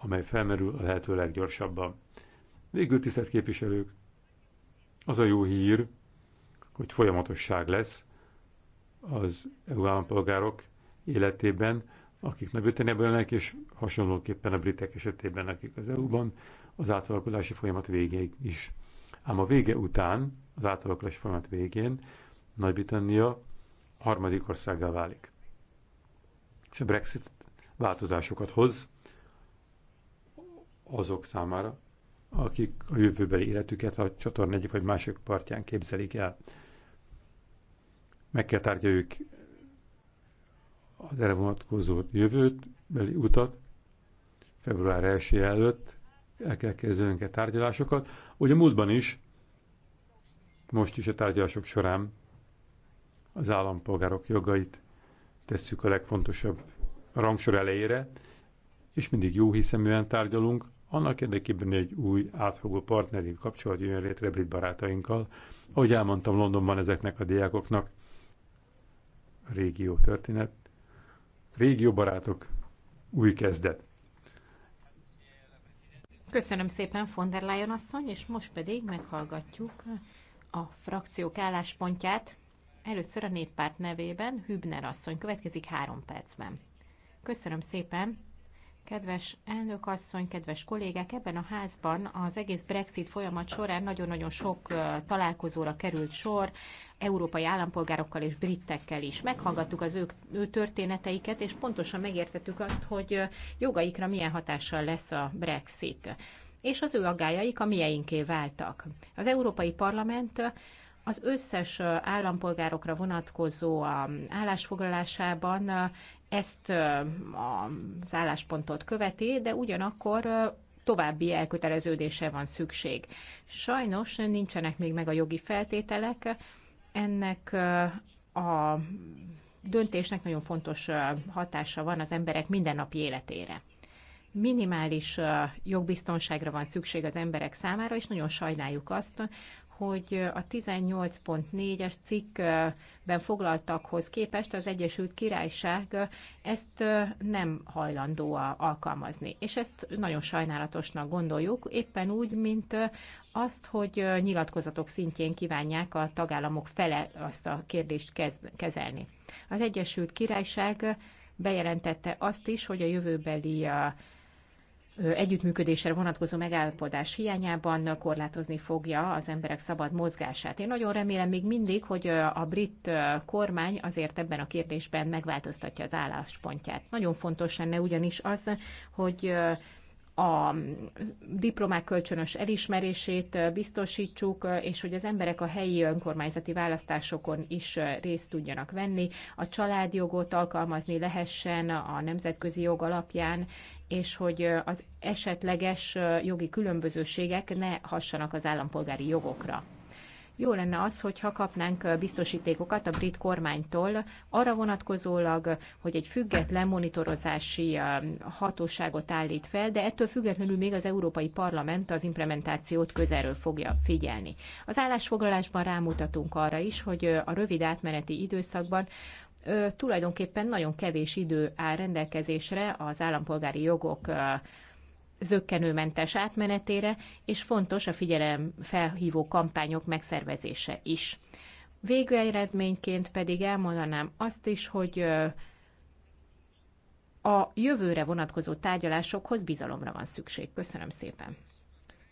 amely felmerül a lehető leggyorsabban. Végül tisztelt képviselők, az a jó hír, hogy folyamatosság lesz az EU állampolgárok életében, akik Nagy-Britanniában élnek, és hasonlóképpen a britek esetében, akik az EU-ban, az átalakulási folyamat végéig is. Ám a vége után, az átalakulási folyamat végén Nagy-Britannia harmadik országgá válik. És a Brexit változásokat hoz azok számára, akik a jövőbeli életüket a csatorna egyik vagy másik partján képzelik el meg kell tárgyaljuk az erre vonatkozó jövőt, beli utat, február 1 előtt el kell kezdenünk a tárgyalásokat. Ugye múltban is, most is a tárgyalások során az állampolgárok jogait tesszük a legfontosabb rangsor elejére, és mindig jó hiszeműen tárgyalunk, annak érdekében, egy új átfogó partneri kapcsolat jön létre brit barátainkkal. Ahogy elmondtam Londonban ezeknek a diákoknak, régió történet. régió barátok új kezdet. Köszönöm szépen, von der Leyen asszony, és most pedig meghallgatjuk a frakciók álláspontját. Először a néppárt nevében Hübner asszony következik három percben. Köszönöm szépen! Kedves asszony, kedves kollégák, ebben a házban az egész Brexit folyamat során nagyon-nagyon sok találkozóra került sor, európai állampolgárokkal és britekkel is. Meghallgattuk az ők, ő történeteiket, és pontosan megértettük azt, hogy jogaikra milyen hatással lesz a Brexit. És az ő aggájaik a mieinké váltak. Az Európai Parlament az összes állampolgárokra vonatkozó állásfoglalásában ezt az álláspontot követi, de ugyanakkor további elköteleződése van szükség. Sajnos nincsenek még meg a jogi feltételek, ennek a döntésnek nagyon fontos hatása van az emberek mindennapi életére. Minimális jogbiztonságra van szükség az emberek számára, és nagyon sajnáljuk azt, hogy a 18.4-es cikkben foglaltakhoz képest az Egyesült Királyság ezt nem hajlandó alkalmazni. És ezt nagyon sajnálatosnak gondoljuk, éppen úgy, mint azt, hogy nyilatkozatok szintjén kívánják a tagállamok fele azt a kérdést kezelni. Az Egyesült Királyság bejelentette azt is, hogy a jövőbeli együttműködésre vonatkozó megállapodás hiányában korlátozni fogja az emberek szabad mozgását. Én nagyon remélem még mindig, hogy a brit kormány azért ebben a kérdésben megváltoztatja az álláspontját. Nagyon fontos lenne ugyanis az, hogy a diplomák kölcsönös elismerését biztosítsuk, és hogy az emberek a helyi önkormányzati választásokon is részt tudjanak venni, a családjogot alkalmazni lehessen a nemzetközi jog alapján, és hogy az esetleges jogi különbözőségek ne hassanak az állampolgári jogokra. Jó lenne az, hogyha kapnánk biztosítékokat a brit kormánytól arra vonatkozólag, hogy egy független monitorozási hatóságot állít fel, de ettől függetlenül még az Európai Parlament az implementációt közelről fogja figyelni. Az állásfoglalásban rámutatunk arra is, hogy a rövid átmeneti időszakban tulajdonképpen nagyon kevés idő áll rendelkezésre az állampolgári jogok zöggenőmentes átmenetére, és fontos a figyelem felhívó kampányok megszervezése is. Végeredményként pedig elmondanám azt is, hogy a jövőre vonatkozó tárgyalásokhoz bizalomra van szükség. Köszönöm szépen.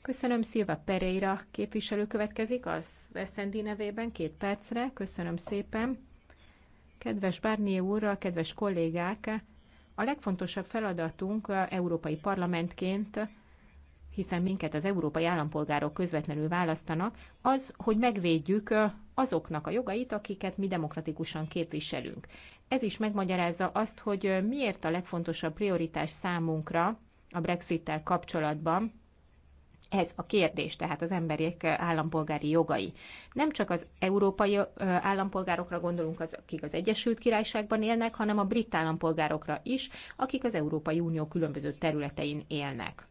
Köszönöm Szilva Pereira képviselő következik az SZND nevében két percre. Köszönöm szépen. Kedves Barnier úr, kedves kollégák, a legfontosabb feladatunk uh, európai parlamentként, hiszen minket az európai állampolgárok közvetlenül választanak, az, hogy megvédjük uh, azoknak a jogait, akiket mi demokratikusan képviselünk. Ez is megmagyarázza azt, hogy uh, miért a legfontosabb prioritás számunkra a Brexit-tel kapcsolatban ez a kérdés, tehát az emberek állampolgári jogai. Nem csak az európai állampolgárokra gondolunk, az, akik az Egyesült Királyságban élnek, hanem a brit állampolgárokra is, akik az Európai Unió különböző területein élnek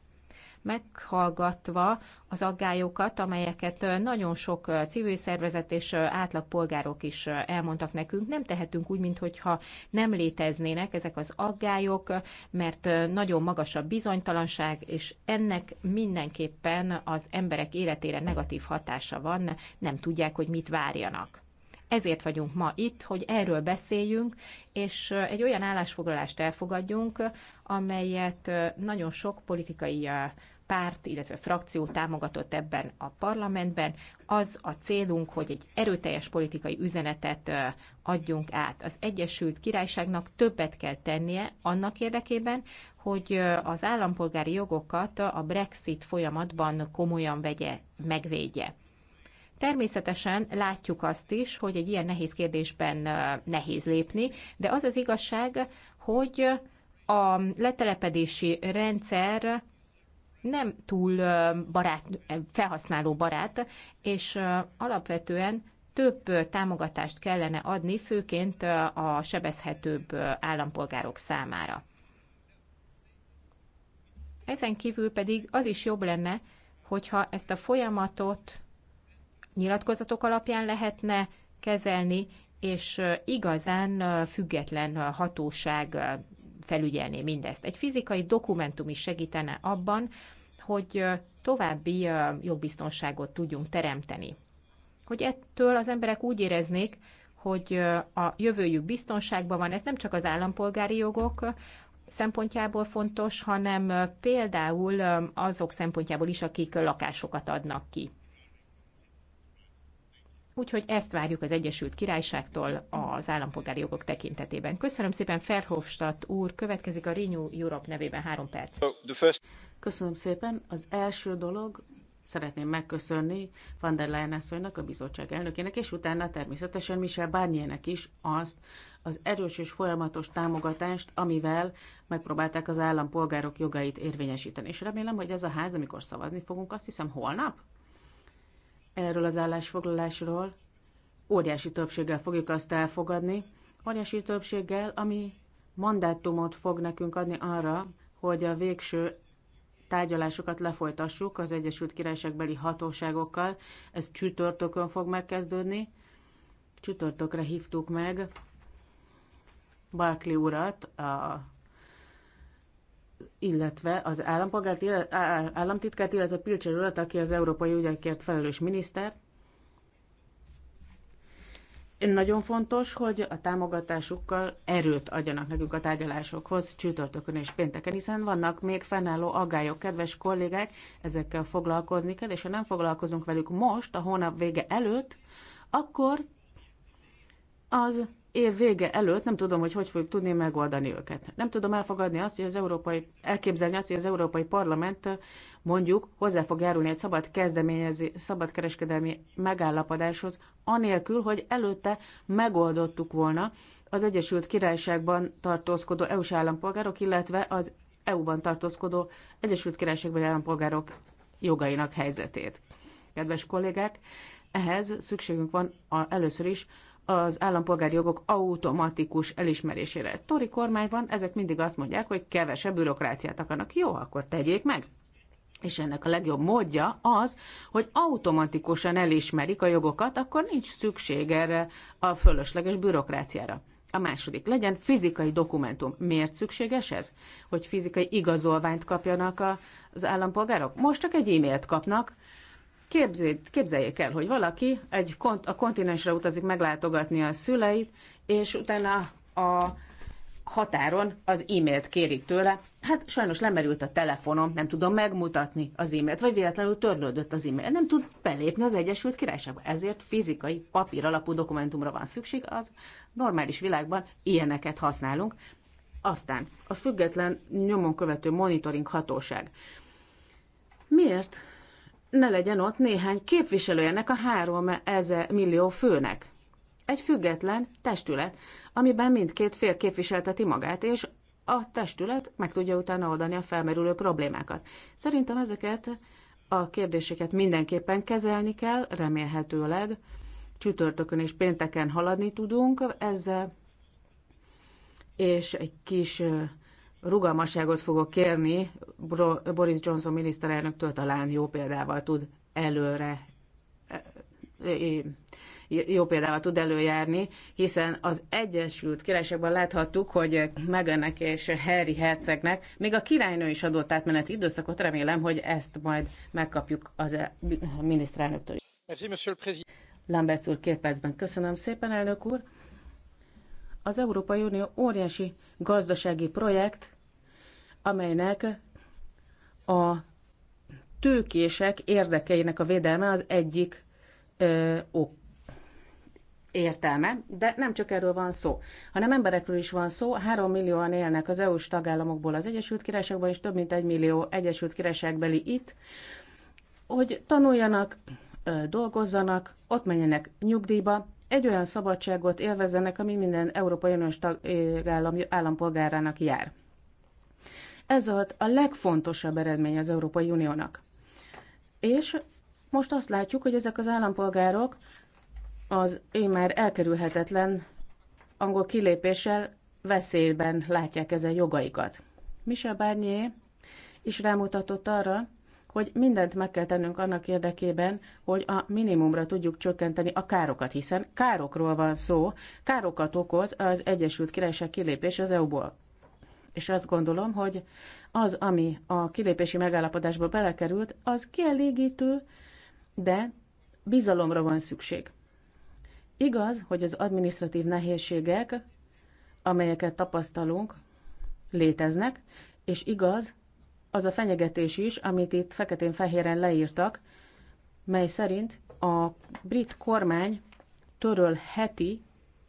meghallgatva az aggályokat, amelyeket nagyon sok civil szervezet és átlagpolgárok is elmondtak nekünk. Nem tehetünk úgy, mintha nem léteznének ezek az aggályok, mert nagyon magas a bizonytalanság, és ennek mindenképpen az emberek életére negatív hatása van, nem tudják, hogy mit várjanak. Ezért vagyunk ma itt, hogy erről beszéljünk, és egy olyan állásfoglalást elfogadjunk, amelyet nagyon sok politikai párt, illetve frakció támogatott ebben a parlamentben. Az a célunk, hogy egy erőteljes politikai üzenetet adjunk át. Az Egyesült Királyságnak többet kell tennie annak érdekében, hogy az állampolgári jogokat a Brexit folyamatban komolyan vegye, megvédje. Természetesen látjuk azt is, hogy egy ilyen nehéz kérdésben nehéz lépni, de az az igazság, hogy a letelepedési rendszer nem túl barát, felhasználó barát, és alapvetően több támogatást kellene adni, főként a sebezhetőbb állampolgárok számára. Ezen kívül pedig az is jobb lenne, hogyha ezt a folyamatot nyilatkozatok alapján lehetne kezelni, és igazán független hatóság felügyelné mindezt. Egy fizikai dokumentum is segítene abban, hogy további jogbiztonságot tudjunk teremteni. Hogy ettől az emberek úgy éreznék, hogy a jövőjük biztonságban van, ez nem csak az állampolgári jogok szempontjából fontos, hanem például azok szempontjából is, akik lakásokat adnak ki. Úgyhogy ezt várjuk az Egyesült Királyságtól az állampolgári jogok tekintetében. Köszönöm szépen, Ferhofstadt úr, következik a Renew Europe nevében három perc. Köszönöm szépen. Az első dolog, szeretném megköszönni van der Leyen asszonynak, a bizottság elnökének, és utána természetesen Michel Barnier-nek is azt az erős és folyamatos támogatást, amivel megpróbálták az állampolgárok jogait érvényesíteni. És remélem, hogy ez a ház, amikor szavazni fogunk, azt hiszem holnap, erről az állásfoglalásról. Óriási többséggel fogjuk azt elfogadni, óriási többséggel, ami mandátumot fog nekünk adni arra, hogy a végső tárgyalásokat lefolytassuk az Egyesült Királyságbeli hatóságokkal. Ez csütörtökön fog megkezdődni. Csütörtökre hívtuk meg Barkley urat, a illetve az állampolgárt, államtitkárt, illetve Pilcser urat, aki az európai ügyekért felelős miniszter. Nagyon fontos, hogy a támogatásukkal erőt adjanak nekünk a tárgyalásokhoz csütörtökön és pénteken, hiszen vannak még fennálló aggályok, kedves kollégák, ezekkel foglalkozni kell, és ha nem foglalkozunk velük most, a hónap vége előtt, akkor az év vége előtt nem tudom, hogy hogy fogjuk tudni megoldani őket. Nem tudom elfogadni azt, hogy az európai, elképzelni azt, hogy az Európai Parlament mondjuk hozzá fog járulni egy szabad kezdeményezi, kereskedelmi megállapodáshoz, anélkül, hogy előtte megoldottuk volna az Egyesült Királyságban tartózkodó EU-s állampolgárok, illetve az EU-ban tartózkodó Egyesült Királyságban állampolgárok jogainak helyzetét. Kedves kollégák, ehhez szükségünk van a, először is az állampolgári jogok automatikus elismerésére. Tori kormányban ezek mindig azt mondják, hogy kevesebb bürokráciát akarnak. Jó, akkor tegyék meg. És ennek a legjobb módja az, hogy automatikusan elismerik a jogokat, akkor nincs szükség erre a fölösleges bürokráciára. A második legyen fizikai dokumentum. Miért szükséges ez? Hogy fizikai igazolványt kapjanak az állampolgárok? Most csak egy e-mailt kapnak, Képzét, képzeljék el, hogy valaki egy kont- a kontinensre utazik meglátogatni a szüleit, és utána a határon az e-mailt kérik tőle. Hát sajnos lemerült a telefonom, nem tudom megmutatni az e-mailt, vagy véletlenül törlődött az e-mail. Nem tud belépni az Egyesült Királyságba. Ezért fizikai, papír alapú dokumentumra van szükség. Az normális világban ilyeneket használunk. Aztán a független nyomon követő monitoring hatóság. Miért ne legyen ott néhány képviselőjének a három ezer millió főnek. Egy független testület, amiben mindkét fél képviselteti magát, és a testület meg tudja utána oldani a felmerülő problémákat. Szerintem ezeket a kérdéseket mindenképpen kezelni kell, remélhetőleg csütörtökön és pénteken haladni tudunk ezzel, és egy kis rugalmasságot fogok kérni Boris Johnson miniszterelnöktől, talán jó példával tud előre e, e, e, jó példával tud előjárni, hiszen az Egyesült Királyságban láthattuk, hogy Megannek és Harry Hercegnek még a királynő is adott átmeneti időszakot, remélem, hogy ezt majd megkapjuk az miniszterelnöktől is. Lambert úr, két percben köszönöm szépen, elnök úr. Az Európai Unió óriási gazdasági projekt, amelynek a tőkések érdekeinek a védelme az egyik ö, ok, értelme, de nem csak erről van szó, hanem emberekről is van szó. Három millióan élnek az EU-s tagállamokból az Egyesült Királyságban, és több mint egy millió Egyesült Királyságbeli itt, hogy tanuljanak, dolgozzanak, ott menjenek nyugdíjba, egy olyan szabadságot élvezzenek, ami minden Európai Uniós tagállam állampolgárának jár. Ez volt a legfontosabb eredmény az Európai Uniónak. És most azt látjuk, hogy ezek az állampolgárok az én már elkerülhetetlen angol kilépéssel veszélyben látják ezen jogaikat. Michel Barnier is rámutatott arra, hogy mindent meg kell tennünk annak érdekében, hogy a minimumra tudjuk csökkenteni a károkat, hiszen károkról van szó, károkat okoz az Egyesült Királyság kilépés az EU-ból. És azt gondolom, hogy az, ami a kilépési megállapodásba belekerült, az kielégítő, de bizalomra van szükség. Igaz, hogy az administratív nehézségek, amelyeket tapasztalunk, léteznek, és igaz, az a fenyegetés is, amit itt feketén-fehéren leírtak, mely szerint a brit kormány törölheti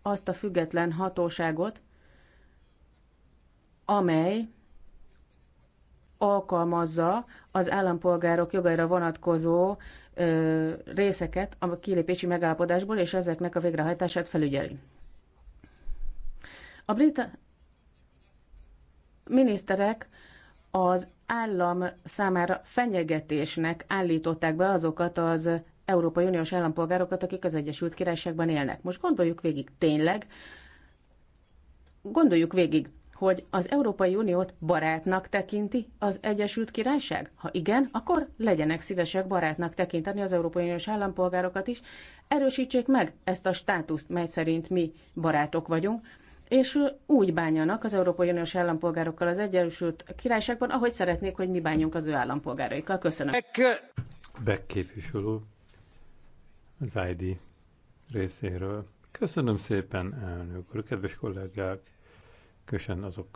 azt a független hatóságot, amely alkalmazza az állampolgárok jogaira vonatkozó ö, részeket a kilépési megállapodásból, és ezeknek a végrehajtását felügyeli. A brit miniszterek az állam számára fenyegetésnek állították be azokat az Európai Uniós állampolgárokat, akik az Egyesült Királyságban élnek. Most gondoljuk végig tényleg, gondoljuk végig, hogy az Európai Uniót barátnak tekinti az Egyesült Királyság? Ha igen, akkor legyenek szívesek barátnak tekinteni az Európai Uniós állampolgárokat is. Erősítsék meg ezt a státuszt, mely szerint mi barátok vagyunk, és úgy bánjanak az Európai Uniós állampolgárokkal az Egyesült Királyságban, ahogy szeretnék, hogy mi bánjunk az ő állampolgáraikkal. Köszönöm. Beck képviselő az ID részéről. Köszönöm szépen, elnök úr, kedves kollégák, köszön azok